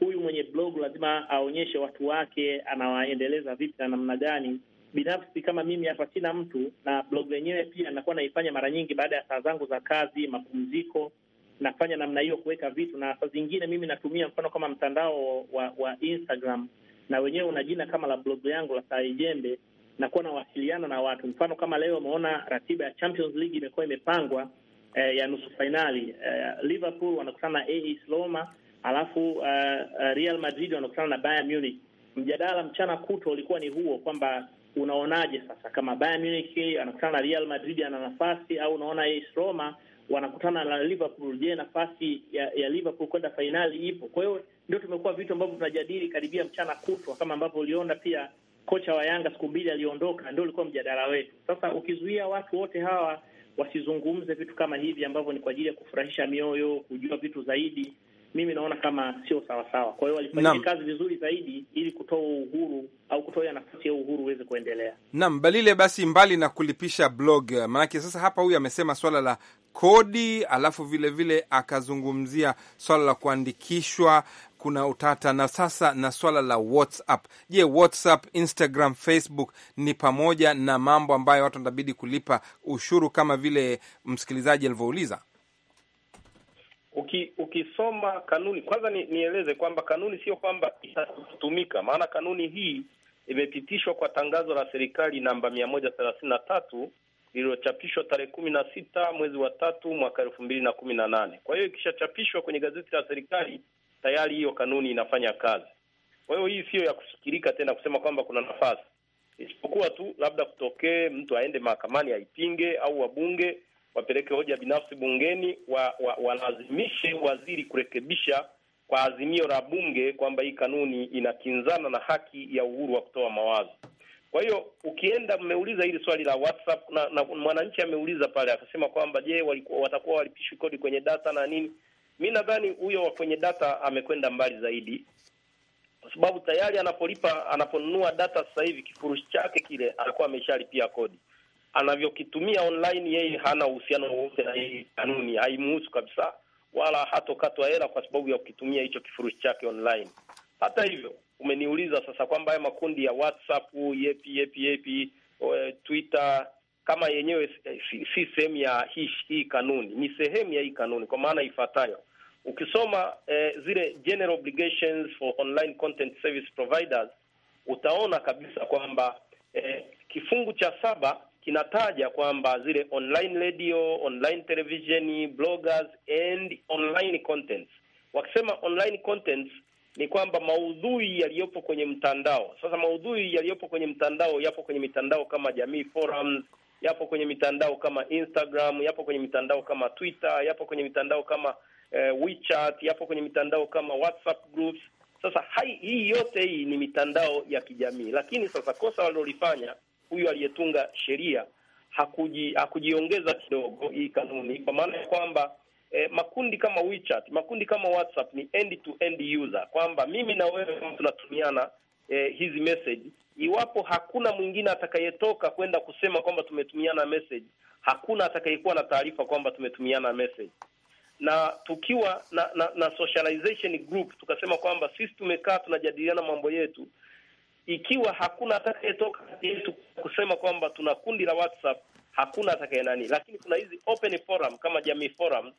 huyu mwenye blog lazima aonyeshe watu wake anawaendeleza vipi na namna gani, binafsi kama mimi hapa sina mtu, na blog lenyewe pia nakuwa naifanya mara nyingi baada ya saa zangu za kazi, mapumziko nafanya namna hiyo kuweka vitu, na saa zingine mimi natumia mfano kama mtandao wa, wa Instagram na wenyewe una jina kama la blogu yangu la Saa Ijembe, nakuwa nawasiliana na watu. Mfano kama leo umeona ratiba ya Champions League imekuwa imepangwa eh, ya nusu fainali eh, Liverpool wanakutana na AS e Roma alafu uh, Real Madrid wanakutana na Bayern Munich. Mjadala mchana kutwa ulikuwa ni huo kwamba unaonaje sasa kama Bayern Munich anakutana na Real Madrid ana nafasi au unaona AS e Roma wanakutana na Liverpool. Je, nafasi ya, ya Liverpool kwenda fainali ipo? Kwa hiyo ndio tumekuwa vitu ambavyo tunajadili karibia mchana kutwa, kama ambavyo uliona pia kocha wa Yanga siku mbili aliondoka, ndio ulikuwa mjadala wetu. Sasa ukizuia watu wote hawa wasizungumze vitu kama hivi ambavyo ni kwa ajili ya kufurahisha mioyo, kujua vitu zaidi, mimi naona kama sio sawasawa. Kwa hiyo walifanya kazi vizuri zaidi ili kutoa uhuru au kutoa nafasi ya uhuru uweze kuendelea. Naam, Balile, basi mbali na kulipisha blog, maanake sasa hapa huyu amesema swala la kodi, alafu vilevile vile akazungumzia swala la kuandikishwa kuna utata na sasa na swala la WhatsApp. Je, WhatsApp, Instagram, Facebook ni pamoja na mambo ambayo watu wanabidi kulipa ushuru kama vile msikilizaji alivyouliza? uki, ukisoma kanuni kwanza ni, nieleze kwamba kanuni sio kwamba itatumika, maana kanuni hii imepitishwa kwa tangazo la serikali namba mia moja thelathini na tatu lililochapishwa tarehe kumi na sita mwezi wa tatu mwaka elfu mbili na kumi na nane. Kwa hiyo ikishachapishwa kwenye gazeti la serikali tayari hiyo kanuni inafanya kazi. Kwa hiyo hii siyo ya kusikirika tena kusema kwamba kuna nafasi, isipokuwa tu labda kutokee mtu aende mahakamani aipinge au wabunge wapeleke hoja binafsi bungeni, walazimishe wa, wa waziri kurekebisha kwa azimio la bunge kwamba hii kanuni inakinzana na haki ya uhuru wa kutoa mawazo. Kwa hiyo ukienda, mmeuliza hili swali la WhatsApp na, na mwananchi ameuliza pale akasema kwamba je, walikuwa watakuwa walipishwi kodi kwenye data na nini? Mi nadhani huyo wa kwenye data amekwenda mbali zaidi, kwa sababu tayari anapolipa, anaponunua data sasa hivi kifurushi chake kile anakuwa ameshalipia kodi anavyokitumia online, yeye hana uhusiano wowote na hii kanuni, haimuhusu kabisa, wala hatokatwa hela kwa sababu ya kukitumia hicho kifurushi chake online. Hata hivyo, umeniuliza sasa kwamba haya makundi ya WhatsApp, yepi yepi yepi, eh, Twitter kama yenyewe eh, si, si sehemu ya hii, hii kanuni, ni sehemu ya hii kanuni kwa maana ifuatayo. Ukisoma eh, zile general obligations for online content service providers utaona kabisa kwamba eh, kifungu cha saba kinataja kwamba zile online radio, online television, bloggers and online contents. Wakisema online contents ni kwamba maudhui yaliyopo kwenye mtandao. Sasa maudhui yaliyopo kwenye mtandao yapo kwenye mitandao kama jamii forums, yapo kwenye mitandao kama Instagram, yapo kwenye mitandao kama Twitter, yapo kwenye mitandao kama uh, WeChat, yapo kwenye mitandao kama WhatsApp groups. Sasa hai, hii yote hii ni mitandao ya kijamii, lakini sasa kosa walilolifanya huyu aliyetunga sheria hakuji, hakujiongeza kidogo hii kanuni, kwa maana ya kwamba eh, makundi kama WeChat, makundi kama WhatsApp ni end to end user, kwamba mimi na wewe kama tunatumiana eh, hizi message, iwapo hakuna mwingine atakayetoka kwenda kusema kwamba tumetumiana message, hakuna atakayekuwa na taarifa kwamba tumetumiana message na tukiwa na, na, na socialization group tukasema kwamba sisi tumekaa tunajadiliana mambo yetu, ikiwa hakuna atakayetoka kati yetu kusema kwamba tuna kundi la WhatsApp, hakuna atakaye nani, lakini kuna hizi open forum kama jamii forum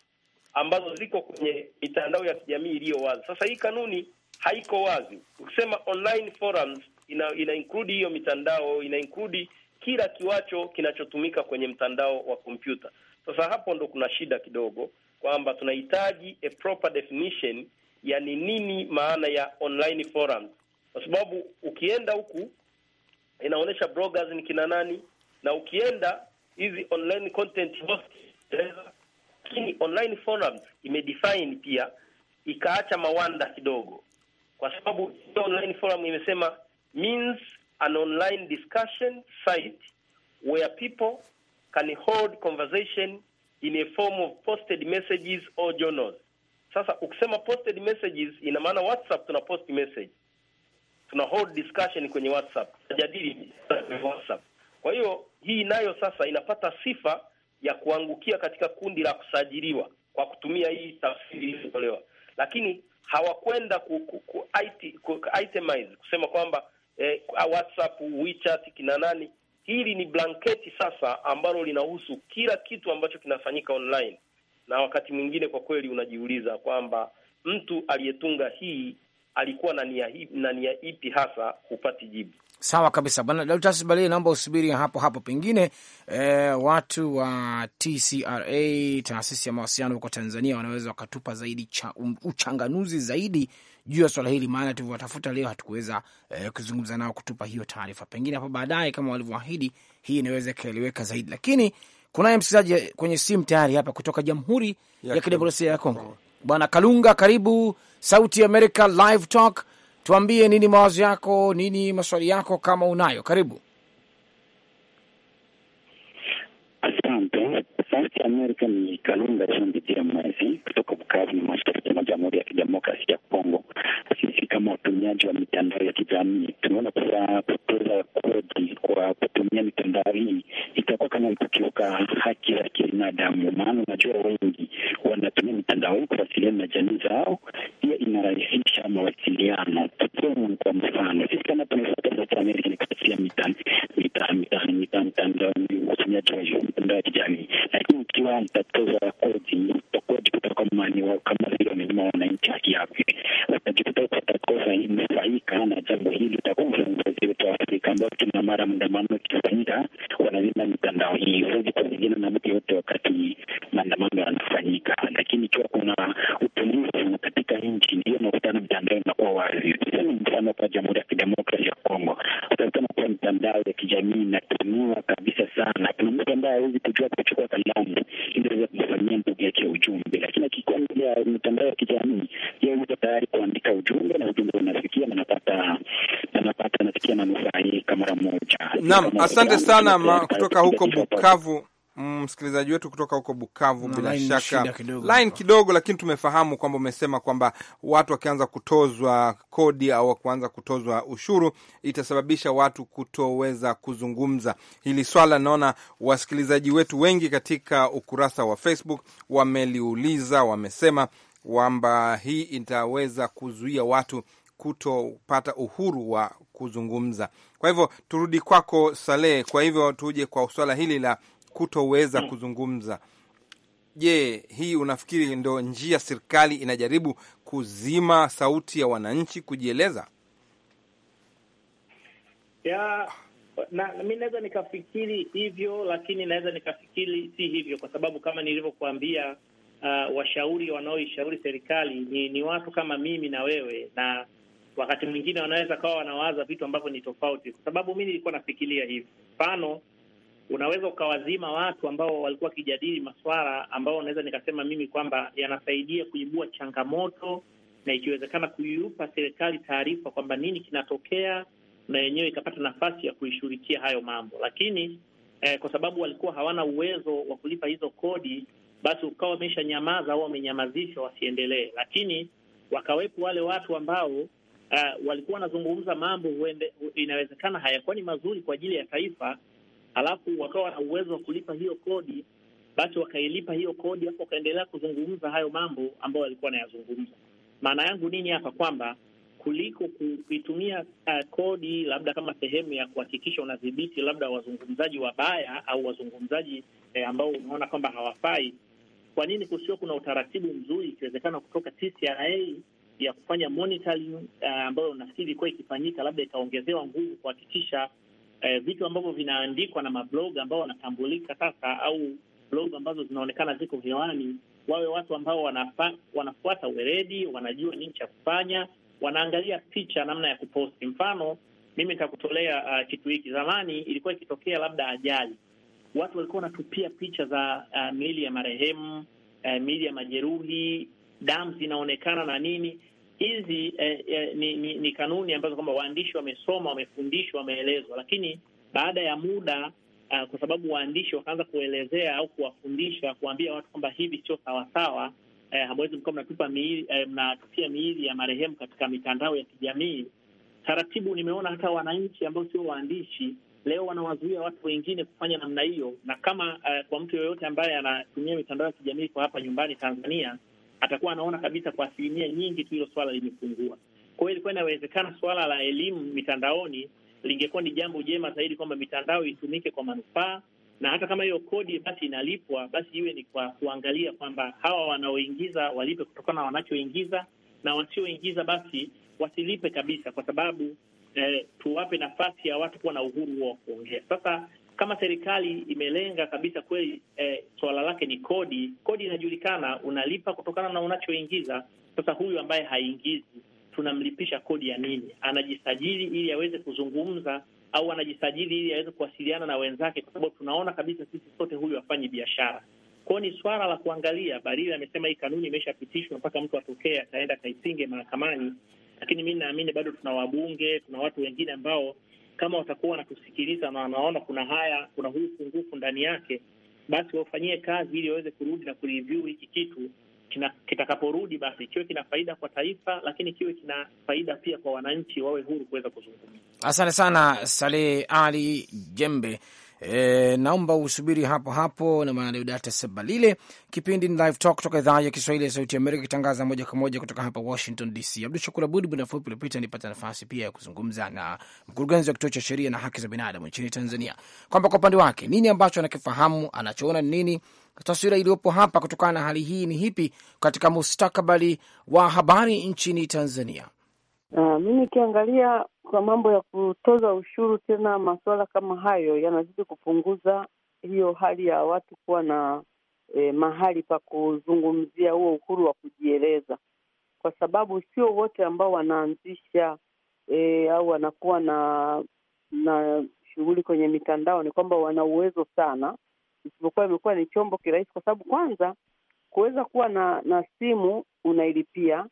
ambazo ziko kwenye mitandao ya kijamii iliyo wazi. Sasa hii kanuni haiko wazi. Ukisema online forums ina, ina include hiyo mitandao, ina include kila kiwacho kinachotumika kwenye mtandao wa kompyuta. Sasa hapo ndo kuna shida kidogo, kwamba tunahitaji a proper definition, yani nini maana ya online forums kwa sababu ukienda huku inaonyesha bloggers ni kina nani, na ukienda hizi online content host, lakini online forums imedefine pia ikaacha mawanda kidogo, kwa sababu online forum imesema means an online discussion site where people can hold conversation in a form of posted messages or journals. Sasa ukisema posted messages, ina maana WhatsApp tuna post message tuna hold discussion kwenye WhatsApp, tunajadili kwenye WhatsApp. Kwa hiyo hii nayo sasa inapata sifa ya kuangukia katika kundi la kusajiliwa kwa kutumia hii tafsiri iliyotolewa, lakini hawakwenda ku, ku, ku, it, ku, itemize kusema kwamba eh, WhatsApp, WeChat kina nani. Hili ni blanketi sasa ambalo linahusu kila kitu ambacho kinafanyika online, na wakati mwingine kwa kweli unajiuliza kwamba mtu aliyetunga hii alikuwa na nia na nia ipi hasa, hupati jibu. Sawa kabisa bwana naomba usubiri hapo hapo, pengine e, watu wa TCRA, taasisi ya mawasiliano huko Tanzania, wanaweza wakatupa zaidi cha, um, uchanganuzi zaidi juu ya swala hili, maana tulivyowatafuta leo hatukuweza e, kuzungumza nao kutupa hiyo taarifa. Pengine hapo baadaye kama walivyoahidi, hii inaweza ikaeleweka zaidi, lakini kunaye msikilizaji eh, kwenye simu tayari hapa kutoka Jamhuri ya, ya Kidemokrasia ya Kongo. Bwana Kalunga, karibu Sauti America Live Talk. Tuambie nini mawazo yako, nini maswali yako kama unayo. Karibu. Asante. Sauti ya Amerika ni Kalunga Shambitia Mwezi kutoka Bukavu, mashariki mwa Jamhuri ya Kidemokrasia ya Kongo. Sisi kama watumiaji wa mitandao ya kijamii tunaona pia Naam, asante sana ma, kutoka huko Bukavu mm, msikilizaji wetu kutoka huko Bukavu na bila shaka line kidogo, lakini tumefahamu kwamba umesema kwamba watu wakianza kutozwa kodi au kuanza kutozwa ushuru itasababisha watu kutoweza kuzungumza hili swala. Naona wasikilizaji wetu wengi katika ukurasa wa Facebook wameliuliza, wamesema kwamba hii itaweza kuzuia watu kutopata uhuru wa kuzungumza. Kwa hivyo turudi kwako Saleh. Kwa hivyo tuje kwa swala hili la kutoweza mm. kuzungumza. Je, hii unafikiri ndo njia serikali inajaribu kuzima sauti ya wananchi kujieleza? ya na, mi naweza nikafikiri hivyo, lakini naweza nikafikiri si hivyo, kwa sababu kama nilivyokuambia, uh, washauri wanaoishauri serikali ni, ni watu kama mimi na wewe na wakati mwingine wanaweza kawa wanawaza vitu ambavyo ni tofauti, kwa sababu mi nilikuwa nafikiria hivi, mfano unaweza ukawazima watu ambao walikuwa wakijadili maswala ambao unaweza nikasema mimi kwamba yanasaidia kuibua changamoto na ikiwezekana kuiupa serikali taarifa kwamba nini kinatokea, na yenyewe ikapata nafasi ya kuishughulikia hayo mambo. Lakini eh, kwa sababu walikuwa hawana uwezo wa kulipa hizo kodi, basi ukawa wamesha nyamaza au wamenyamazishwa wasiendelee. Lakini wakawepo wale watu ambao uh, walikuwa wanazungumza mambo huende, inawezekana hayakuwa ni mazuri kwa ajili ya taifa, alafu wakawa na uwezo wa kulipa hiyo kodi, basi wakailipa hiyo kodi, hapo wakaendelea kuzungumza hayo mambo ambayo walikuwa wanayazungumza. Maana yangu nini hapa kwamba kuliko kuitumia uh, kodi labda kama sehemu ya kuhakikisha unadhibiti labda wazungumzaji wabaya au wazungumzaji eh, ambao unaona kwamba hawafai. Kwa nini kusio kuna utaratibu mzuri ikiwezekana kutoka TCRA ya kufanya monitoring eh, ambayo nafikiri ilikuwa ikifanyika, labda itaongezewa nguvu kuhakikisha uh, vitu ambavyo vinaandikwa na mablog ambao wanatambulika sasa au blog ambazo zinaonekana ziko hewani, wawe watu ambao wanafa, wanafuata weledi, wanajua nini cha kufanya, wanaangalia picha, namna ya kuposti. Mfano, mimi nitakutolea uh, kitu hiki. Zamani ilikuwa ikitokea labda ajali, watu walikuwa wanatupia picha za uh, miili ya marehemu, uh, miili ya majeruhi damu zinaonekana na nini. Hizi eh, eh, ni, ni, ni kanuni ambazo kwamba waandishi wamesoma, wamefundishwa, wameelezwa, lakini baada ya muda uh, kwa sababu waandishi wakaanza kuelezea au kuwafundisha, kuambia watu kwamba hivi sio sawasawa, eh, hamwezi mkawa mnatupa miili, eh, mnatupia miili ya marehemu katika mitandao ya kijamii. Taratibu nimeona hata wananchi ambao sio waandishi leo wanawazuia watu wengine kufanya namna hiyo, na kama uh, kwa mtu yoyote ambaye anatumia mitandao ya kijamii kwa hapa nyumbani Tanzania atakuwa anaona kabisa kwa asilimia nyingi tu hilo swala limepungua. Kwa hiyo ilikuwa inawezekana swala la elimu mitandaoni lingekuwa ni jambo jema zaidi, kwamba mitandao itumike kwa manufaa, na hata kama hiyo kodi basi inalipwa, basi iwe ni kwa kuangalia kwamba hawa wanaoingiza walipe kutokana na wanachoingiza, na wasioingiza basi wasilipe kabisa, kwa sababu eh, tuwape nafasi ya watu kuwa na uhuru wa kuongea. Sasa kama serikali imelenga kabisa kweli eh, swala lake ni kodi. Kodi inajulikana, unalipa kutokana na unachoingiza. Sasa huyu ambaye haingizi tunamlipisha kodi ya nini? Anajisajili ili aweze kuzungumza au anajisajili ili aweze kuwasiliana na wenzake, kwa sababu tunaona kabisa sisi sote huyu afanyi biashara. Kwao ni swala la kuangalia. Barili amesema hii kanuni imeshapitishwa mpaka mtu atokee ataenda kaipinge mahakamani, lakini mi naamini bado tuna wabunge, tuna watu wengine ambao kama watakuwa wanatusikiliza na wanaona kuna haya, kuna huu upungufu ndani yake, basi wafanyie kazi ili waweze kurudi na kureview hiki kitu kitakaporudi basi kiwe kina faida kwa taifa, lakini kiwe kina faida pia kwa wananchi, wawe huru kuweza kuzungumza. Asante sana Saleh Ali Jembe E, naomba usubiri hapo hapo na maana Deodata Sebalile. Kipindi ni Live Talk kutoka idhaa ya Kiswahili ya Sauti ya Amerika ikitangaza moja kwa moja kutoka hapa Washington DC. Abdu Shakur Abud, muda mfupi uliopita nipata nafasi pia ya kuzungumza na mkurugenzi wa kituo cha sheria na haki za binadamu nchini Tanzania kwamba kwa upande wake nini ambacho anakifahamu, anachoona ni nini, taswira iliyopo hapa kutokana na hali hii ni hipi katika mustakabali wa habari nchini Tanzania. Uh, mimi nikiangalia kwa mambo ya kutoza ushuru tena, masuala kama hayo yanazidi kupunguza hiyo hali ya watu kuwa na e, mahali pa kuzungumzia huo uhuru wa kujieleza, kwa sababu sio wote ambao wanaanzisha e, au wanakuwa na na shughuli kwenye mitandao, ni kwamba wana uwezo sana, isipokuwa imekuwa ni chombo kirahisi, kwa sababu kwanza kuweza kuwa na na simu unailipia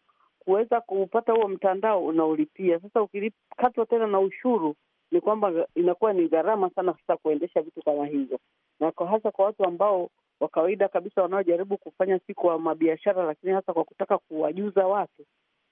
kuweza kupata huo mtandao unaulipia. Sasa ukikatwa tena na ushuru, ni kwamba inakuwa ni gharama sana sasa kuendesha vitu kama hivyo, na kwa hasa kwa watu ambao wa kawaida kabisa wanaojaribu kufanya si kwa mabiashara, lakini hasa kwa kutaka kuwajuza watu,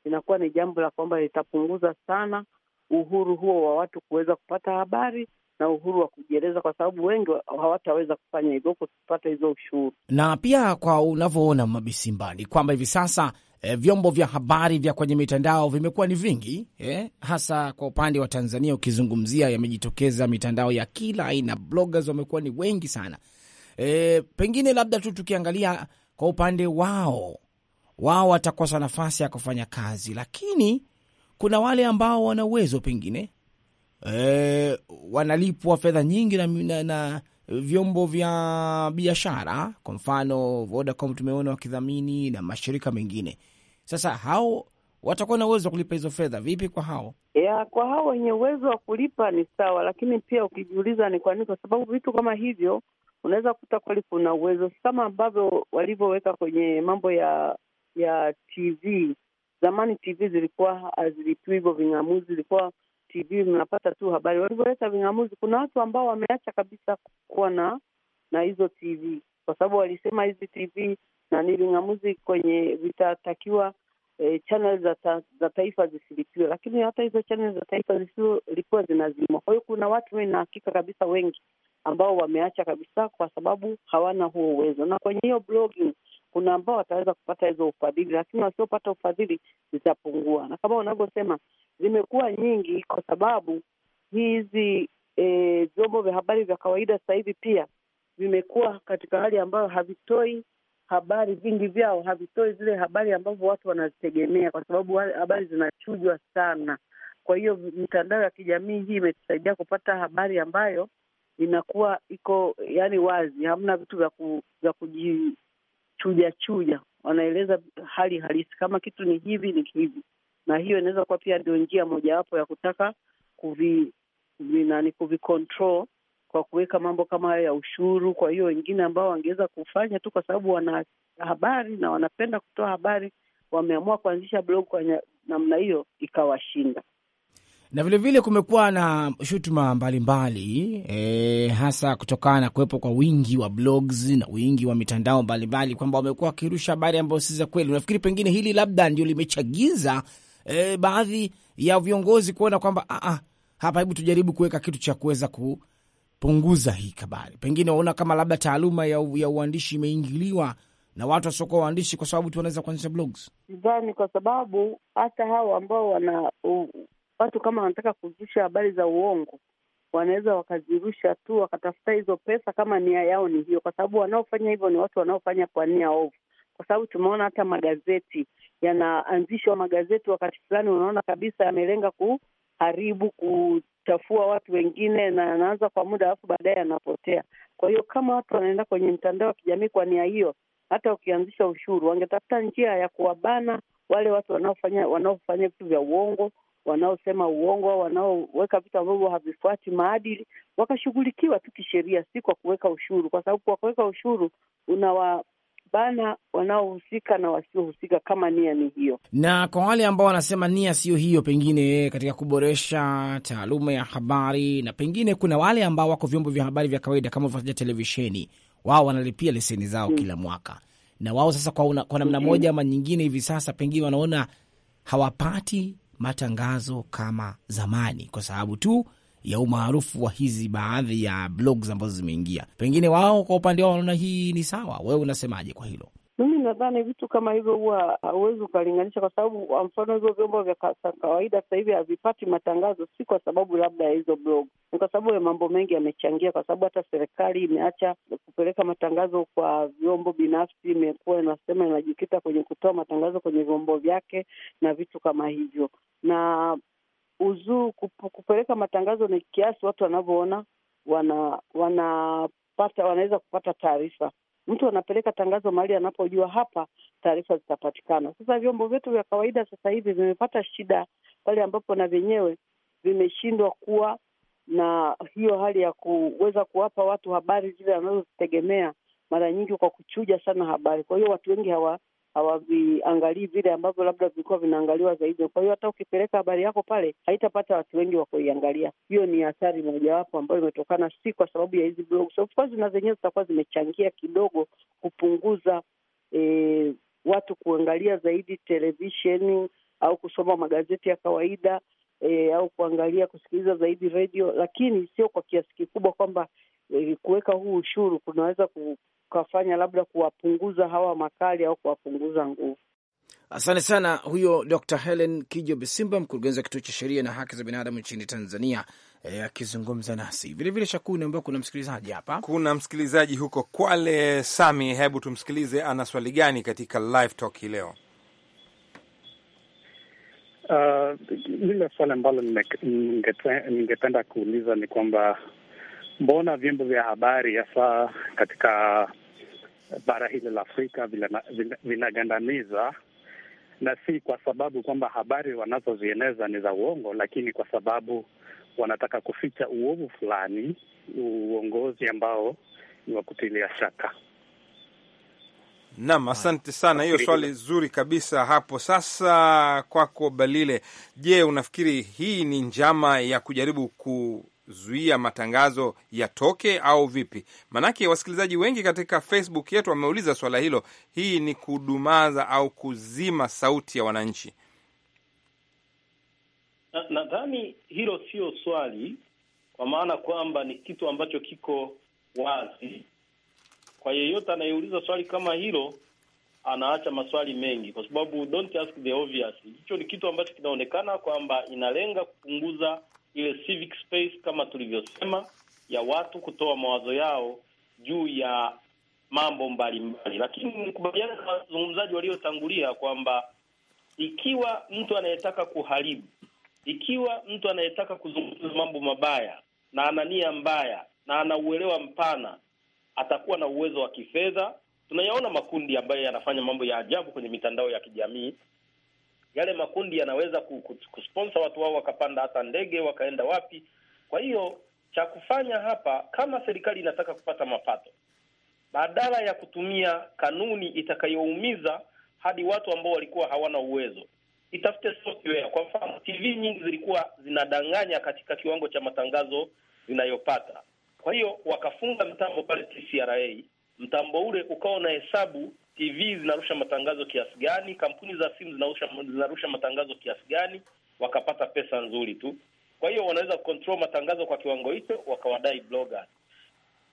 inakuwa ni jambo la kwamba litapunguza sana uhuru huo wa watu kuweza kupata habari na uhuru wa kujieleza, kwa sababu wengi hawataweza kufanya hivyo kupata hizo ushuru. Na pia kwa unavyoona Mabisimbani, kwamba hivi sasa e, vyombo vya habari vya kwenye mitandao vimekuwa ni vingi eh, hasa kwa upande wa Tanzania ukizungumzia, yamejitokeza mitandao ya kila aina, bloggers wamekuwa ni wengi sana. E, pengine labda tu tukiangalia kwa upande wao, wao watakosa nafasi ya kufanya kazi, lakini kuna wale ambao wana uwezo pengine e, wanalipwa fedha nyingi na, na, na vyombo vya biashara, kwa mfano Vodacom tumeona wakidhamini na mashirika mengine. Sasa hao watakuwa na uwezo wa kulipa hizo fedha vipi? Kwa hao ya, kwa hao wenye uwezo wa kulipa ni sawa, lakini pia ukijiuliza ni kwa nini, kwa sababu vitu kama hivyo unaweza kuta kweli kuna uwezo kama ambavyo walivyoweka kwenye mambo ya ya TV. Zamani TV zilikuwa hazilipiwi hivyo ving'amuzi, zilikuwa TV mnapata tu habari walivyoleta ving'amuzi. Kuna watu ambao wameacha kabisa kuwa na na hizo TV kwa sababu walisema hizi TV na ni ving'amuzi kwenye vitatakiwa eh, channel za, ta, za taifa zisilipiwe, lakini hata hizo channel za taifa zisizolipiwa zinazimwa. Kwa hiyo kuna watu wenye hakika kabisa wengi ambao wameacha kabisa kwa sababu hawana huo uwezo, na kwenye hiyo blogging kuna ambao wataweza kupata hizo ufadhili, lakini wasiopata ufadhili zitapungua, na kama unavyosema zimekuwa nyingi kwa sababu hizi e, vyombo vya habari vya kawaida sasa hivi pia vimekuwa katika hali ambayo havitoi habari, vingi vyao havitoi zile habari ambavyo watu wanazitegemea, kwa sababu habari zinachujwa sana. Kwa hiyo mitandao ya kijamii hii imetusaidia kupata habari ambayo inakuwa iko yani wazi, hamna vitu vya kujichujachuja, wanaeleza hali halisi, kama kitu ni hivi ni hivi na hiyo inaweza kuwa pia ndio njia mojawapo ya kutaka kuvi, kuvi, nani, kwa kuweka mambo kama hayo ya ushuru. Kwa hiyo wengine ambao wangeweza kufanya tu kwa sababu wana habari na wanapenda kutoa habari, wameamua kuanzisha blog kwa namna hiyo, ikawashinda na vilevile kumekuwa na shutuma mbalimbali e, hasa kutokana na kuwepo kwa wingi wa blogs na wingi wa mitandao mbalimbali kwamba wamekuwa wakirusha habari ambayo si za kweli. Unafikiri pengine hili labda ndio limechagiza e, baadhi ya viongozi kuona kwamba ah, ah, hapa hebu tujaribu kuweka kitu cha kuweza kupunguza hii kabari. Pengine waona kama labda taaluma ya, ya uandishi imeingiliwa na watu wasiokuwa waandishi, kwa sababu tu wanaweza kuanzisha blogs. Sidhani, kwa sababu hata hao ambao wana uh, watu kama wanataka kuzusha habari za uongo wanaweza wakazirusha tu wakatafuta hizo pesa, kama nia yao ni hiyo, kwa sababu wanaofanya hivyo ni watu wanaofanya kwa nia ovu, kwa sababu tumeona hata magazeti yanaanzishwa magazeti wakati fulani, unaona kabisa yamelenga kuharibu, kuchafua watu wengine, na yanaanza kwa muda alafu baadaye yanapotea. Kwa hiyo kama watu wanaenda kwenye mtandao wa kijamii kwa nia hiyo, hata ukianzisha ushuru, wangetafuta njia ya kuwabana wale watu wanaofanya wanaofanya vitu vya uongo, wanaosema uongo, wanaoweka vitu ambavyo havifuati maadili, wakashughulikiwa tu kisheria, si kwa kuweka ushuru, kwa sababu kwa kuweka ushuru unawa bana wanaohusika na wasiohusika, kama nia ni hiyo. Na kwa wale ambao wanasema nia siyo hiyo, pengine katika kuboresha taaluma ya habari, na pengine kuna wale ambao wako vyombo vya habari vya kawaida kama vya televisheni, wao wanalipia leseni zao hmm, kila mwaka, na wao sasa kwa, una, kwa namna moja ama nyingine, hivi sasa pengine wanaona hawapati matangazo kama zamani kwa sababu tu ya umaarufu wa hizi baadhi ya blogs ambazo zimeingia, pengine wao kwa upande wao wanaona hii ni sawa. Wewe unasemaje kwa hilo? Mimi nadhani vitu kama hivyo huwa hauwezi ukalinganisha, kwa sababu kwa mfano hivyo vyombo vya kawaida sasa hivi havipati matangazo, si kwa sababu labda ya hizo blog, ni kwa sababu ya mambo mengi yamechangia, kwa sababu hata serikali imeacha kupeleka matangazo kwa vyombo binafsi, imekuwa inasema inajikita kwenye kutoa matangazo kwenye vyombo vyake na vitu kama hivyo, na uzuu kupeleka matangazo ni kiasi watu wanavyoona wana wanapata wanaweza kupata taarifa. Mtu anapeleka tangazo mahali anapojua hapa taarifa zitapatikana. Sasa vyombo vyetu vya kawaida sasa hivi vimepata shida pale ambapo na vyenyewe vimeshindwa kuwa na hiyo hali ya kuweza kuwapa watu habari zile wanazozitegemea, mara nyingi kwa kuchuja sana habari. Kwa hiyo watu wengi hawa hawaviangalii vile ambavyo labda vilikuwa vinaangaliwa zaidi. Kwa hiyo hata ukipeleka habari yako pale haitapata watu wengi wa kuiangalia. Hiyo ni athari mojawapo ambayo imetokana, si kwa sababu ya hizi blogs, of course, na zenyewe zitakuwa zimechangia kidogo kupunguza e, watu kuangalia zaidi televisheni au kusoma magazeti ya kawaida e, au kuangalia kusikiliza zaidi redio, lakini sio kwa kiasi kikubwa kwamba e, kuweka huu ushuru kunaweza kukafanya labda kuwapunguza hawa makali au kuwapunguza nguvu. Asante sana. Huyo Dr. Helen Kijo Bisimba, mkurugenzi wa kituo cha sheria na haki za binadamu nchini Tanzania eh, akizungumza nasi vilevile. Shakuni ambayo kuna msikilizaji hapa, kuna msikilizaji huko Kwale, Sami, hebu tumsikilize ana swali gani katika live talk hii leo. Uh, lile uh, swali ambalo ningependa kuuliza ni kwamba mbona vyombo vya habari hasa katika bara hili la Afrika vinagandamiza, na si kwa sababu kwamba habari wanazozieneza ni za uongo, lakini kwa sababu wanataka kuficha uovu fulani, uongozi ambao ni wa kutilia shaka. Nam, asante sana. Hiyo swali zuri kabisa hapo. Sasa kwako Balile, je, unafikiri hii ni njama ya kujaribu ku kuzuia matangazo yatoke au vipi? Maanake wasikilizaji wengi katika Facebook yetu wameuliza swala hilo, hii ni kudumaza au kuzima sauti ya wananchi? Nadhani na hilo sio swali, kwa maana kwamba ni kitu ambacho kiko wazi kwa yeyote anayeuliza swali kama hilo anaacha maswali mengi, kwa sababu don't ask the obvious. Hicho ni kitu ambacho kinaonekana kwamba inalenga kupunguza ile civic space kama tulivyosema, ya watu kutoa mawazo yao juu ya mambo mbalimbali. Lakini nikubaliana na wazungumzaji waliotangulia kwamba ikiwa mtu anayetaka kuharibu, ikiwa mtu anayetaka kuzungumza mambo mabaya na ana nia mbaya na ana uelewa mpana, atakuwa na uwezo wa kifedha. Tunayaona makundi ambayo yanafanya mambo ya ajabu kwenye mitandao ya kijamii yale makundi yanaweza kusponsa watu wao wakapanda hata ndege wakaenda wapi. Kwa hiyo cha kufanya hapa, kama serikali inataka kupata mapato, badala ya kutumia kanuni itakayoumiza hadi watu ambao walikuwa hawana uwezo, itafute software. Kwa mfano, TV nyingi zilikuwa zinadanganya katika kiwango cha matangazo zinayopata. Kwa hiyo wakafunga mtambo pale TCRA, mtambo ule ukawa na hesabu TV zinarusha matangazo kiasi gani, kampuni za simu zinarusha, zinarusha matangazo kiasi gani, wakapata pesa nzuri tu. Kwa hiyo wanaweza control matangazo kwa kiwango hicho, wakawadai bloggers.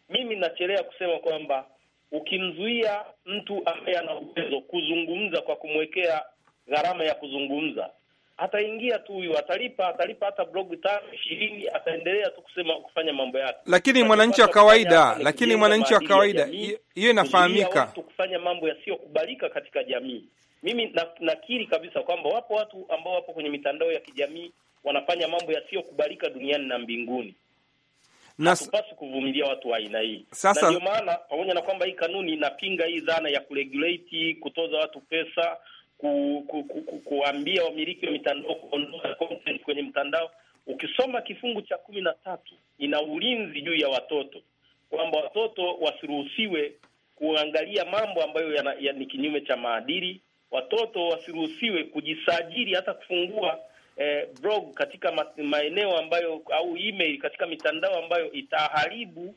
Mimi nachelea kusema kwamba ukimzuia mtu ambaye ana uwezo kuzungumza kwa kumwekea gharama ya kuzungumza, ataingia tu huyu, atalipa atalipa hata blog tano ishirini, ataendelea tu kusema kufanya mambo yake. Lakini mwananchi wa kawaida, lakini mwananchi wa kawaida, hiyo inafahamika kufanya mambo yasiyokubalika katika jamii. Mimi nakiri kabisa kwamba wapo watu ambao wapo kwenye mitandao ya kijamii wanafanya mambo yasiyokubalika duniani na mbinguni. Hatupaswi kuvumilia watu wa aina hii. Sasa na ndio maana pamoja na kwamba hii kanuni inapinga hii dhana ya kuregulate, kutoza watu pesa ku, ku, ku, ku, kuambia wamiliki wa mitandao kuondoa content kwenye mtandao. Ukisoma kifungu cha kumi na tatu ina ulinzi juu ya watoto kwamba watoto wasiruhusiwe kuangalia mambo ambayo na, ya, ni kinyume cha maadili. Watoto wasiruhusiwe kujisajili hata kufungua eh, blog katika ma, maeneo ambayo au email katika mitandao ambayo itaharibu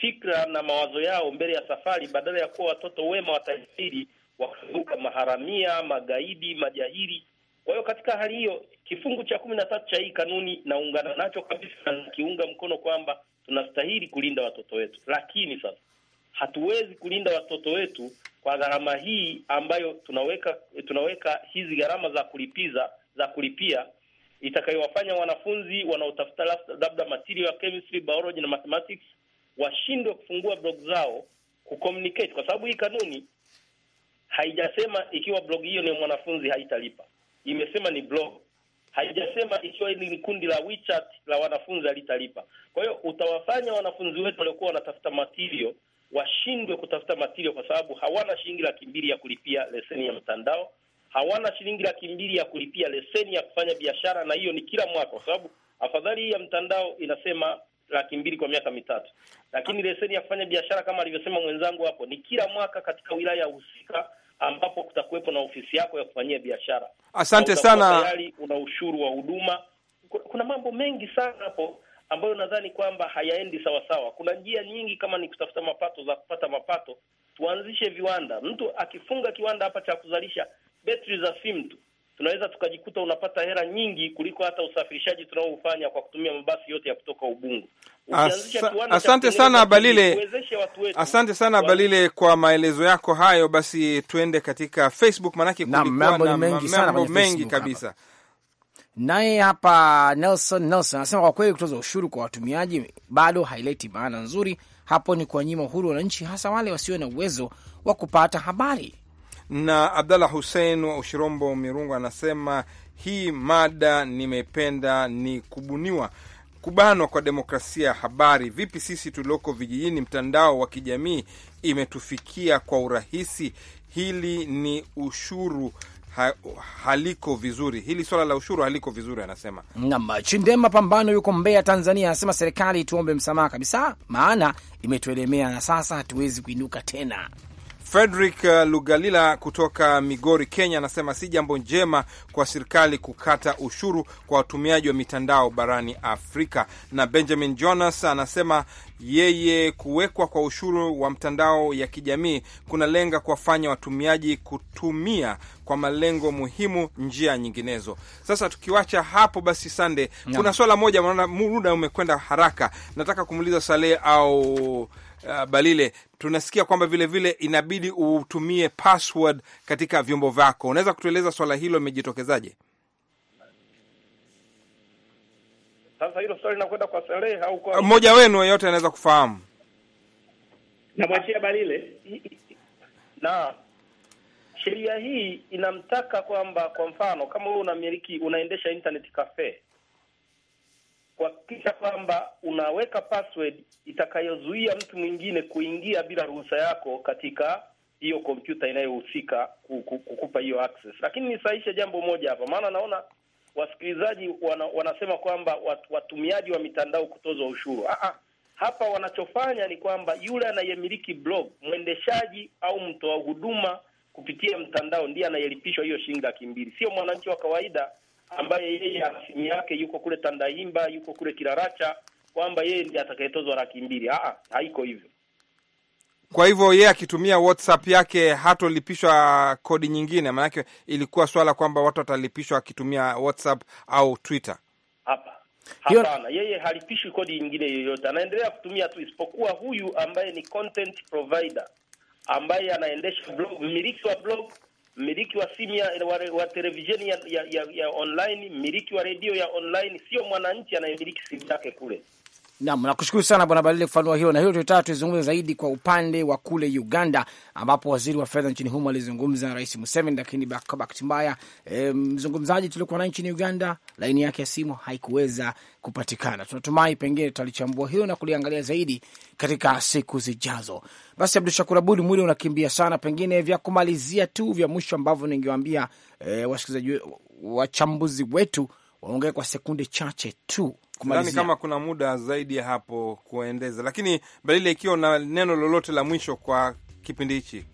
fikra na mawazo yao mbele ya safari. Badala ya kuwa watoto wema watajisiri wakuzuka maharamia, magaidi, majahili. Kwa hiyo katika hali hiyo kifungu cha kumi na tatu cha hii kanuni naungana nacho kabisa na nakiunga mkono kwamba tunastahili kulinda watoto wetu, lakini sasa hatuwezi kulinda watoto wetu kwa gharama hii ambayo tunaweka tunaweka hizi gharama za kulipiza za kulipia itakayowafanya wanafunzi wanaotafuta labda material ya chemistry, biology na mathematics washindwe kufungua blog zao kucommunicate, kwa sababu hii kanuni haijasema ikiwa blog hiyo ni mwanafunzi haitalipa, imesema ni blog. Haijasema ikiwa hili ni kundi la WeChat la wanafunzi halitalipa. Kwa hiyo utawafanya wanafunzi wetu waliokuwa wanatafuta matirio washindwe kutafuta matirio kwa sababu hawana shilingi laki mbili ya kulipia leseni ya mtandao, hawana shilingi laki mbili ya kulipia leseni ya kufanya biashara, na hiyo ni kila mwaka, kwa sababu afadhali hii ya mtandao inasema laki mbili kwa miaka mitatu, lakini leseni ya kufanya biashara kama alivyosema mwenzangu hapo ni kila mwaka katika wilaya husika ambapo kutakuwepo na ofisi yako ya kufanyia biashara. Asante sana. Tayari una ushuru wa huduma. Kuna mambo mengi sana hapo ambayo nadhani kwamba hayaendi sawasawa. Kuna njia nyingi, kama ni kutafuta mapato, za kupata mapato. Tuanzishe viwanda. Mtu akifunga kiwanda hapa cha kuzalisha betri za simu tu, tunaweza tukajikuta unapata hela nyingi kuliko hata usafirishaji tunaoufanya kwa kutumia mabasi yote ya kutoka Ubungo. Asa, asante sana Balile, asante sana Balile kwa maelezo yako hayo. Basi tuende katika Facebook maanake mambo mengi sana mengi kabisa Naye hapa Nelson Nelson anasema kwa kweli kutoza ushuru kwa watumiaji bado haileti maana nzuri, hapo ni kuwanyima uhuru wananchi, hasa wale wasio na uwezo wa kupata habari. Na Abdallah Hussein wa Ushirombo Mirungu anasema hii mada nimependa ni kubuniwa kubanwa kwa demokrasia ya habari. Vipi sisi tulioko vijijini, mtandao wa kijamii imetufikia kwa urahisi. Hili ni ushuru ha, haliko vizuri. Hili swala la ushuru haliko vizuri, anasema nam. Chindema Pambano yuko Mbeya, Tanzania, anasema serikali tuombe msamaha kabisa, maana imetuelemea na sasa hatuwezi kuinuka tena. Frederick uh, Lugalila kutoka Migori, Kenya, anasema si jambo njema kwa serikali kukata ushuru kwa watumiaji wa mitandao barani Afrika. Na Benjamin Jonas anasema yeye kuwekwa kwa ushuru wa mtandao ya kijamii kunalenga kuwafanya watumiaji kutumia kwa malengo muhimu njia nyinginezo. Sasa tukiwacha hapo basi, Sande, kuna swala moja, muda umekwenda haraka, nataka kumuuliza Saleh au uh, Balile, tunasikia kwamba vilevile vile inabidi utumie password katika vyombo vyako. Unaweza kutueleza swala hilo limejitokezaje? Sasa hilo swali linakwenda kwa Salehe au kwa ah, mmoja wenu yeyote anaweza kufahamu. Namwachia Balile na sheria hii inamtaka kwamba, kwa mfano kama wewe unamiliki, unaendesha internet cafe kuhakikisha kwamba unaweka password itakayozuia mtu mwingine kuingia bila ruhusa yako katika hiyo kompyuta inayohusika kukupa hiyo access. Lakini nisahishe jambo moja hapa, maana naona wasikilizaji wana, wanasema kwamba wat, watumiaji wa mitandao kutozwa ushuru. Aha, ah. hapa wanachofanya ni kwamba yule anayemiliki blog, mwendeshaji au mtoa huduma kupitia mtandao ndiye anayelipishwa hiyo shilingi laki mbili, sio mwananchi wa kawaida ambaye yeye asimi yake yuko kule Tandaimba, yuko kule Kiraracha, kwamba yeye ndiye atakayetozwa laki mbili. Ah, haiko hivyo. Kwa hivyo yeye akitumia WhatsApp yake hatolipishwa kodi nyingine, maanake ilikuwa swala kwamba watu watalipishwa akitumia WhatsApp au Twitter. Hapa hapana, yeye halipishwi kodi nyingine yoyote, anaendelea kutumia tu, isipokuwa huyu ambaye ni content provider ambaye anaendesha blog, mmiliki wa blog mmiliki wa simu ya, wa, wa televisheni ya, ya, ya online, mmiliki wa redio ya online, sio mwananchi anayemiliki simu yake kule. Nam, nakushukuru sana Bwana Balile kufanua hilo, na hilo tutaka tuzungumza zaidi kwa upande wa kule Uganda, ambapo waziri wa fedha nchini humo alizungumza na Rais Museveni, lakini bahati mbaya e, mzungumzaji tuliokuwa naye nchini Uganda laini yake ya simu haikuweza kupatikana. Tunatumai pengine tutalichambua hilo na kuliangalia zaidi katika siku zijazo. Basi Abdu Shakur Abud, mwili unakimbia sana, pengine vya kumalizia tu vya mwisho ambavyo ningewaambia e, eh, wasikilizaji wachambuzi wetu waongee kwa sekunde chache tu kumalizia. Kama kuna muda zaidi ya hapo kuendeza, lakini Balile, ikiwa na neno lolote la mwisho kwa kipindi hichi.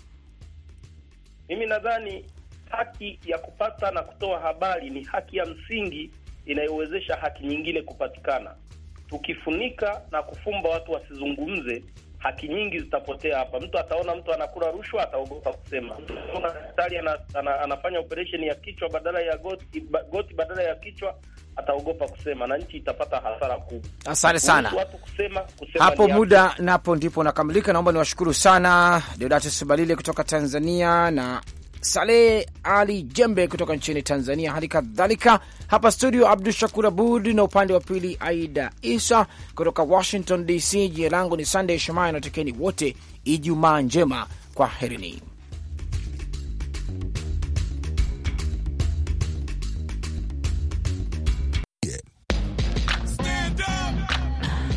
Mimi nadhani haki ya kupata na kutoa habari ni haki ya msingi inayowezesha haki nyingine kupatikana. Tukifunika na kufumba watu wasizungumze, haki nyingi zitapotea hapa. Mtu ataona mtu anakula rushwa, ataogopa kusema. Mtu daktari ana, ana, anafanya operesheni ya kichwa badala ya goti, goti badala ya kichwa ataogopa kusema na nchi itapata hasara kubwa. Asante sana watu kusema, kusema hapo muda napo ndipo nakamilika. Naomba niwashukuru sana Deodatus Balile kutoka Tanzania na Saleh Ali Jembe kutoka nchini Tanzania, hali kadhalika hapa studio Abdu Shakur Abud na upande wa pili Aida Isa kutoka Washington DC. Jina langu ni Sandey Shomaya, natakieni wote Ijumaa njema, kwa herini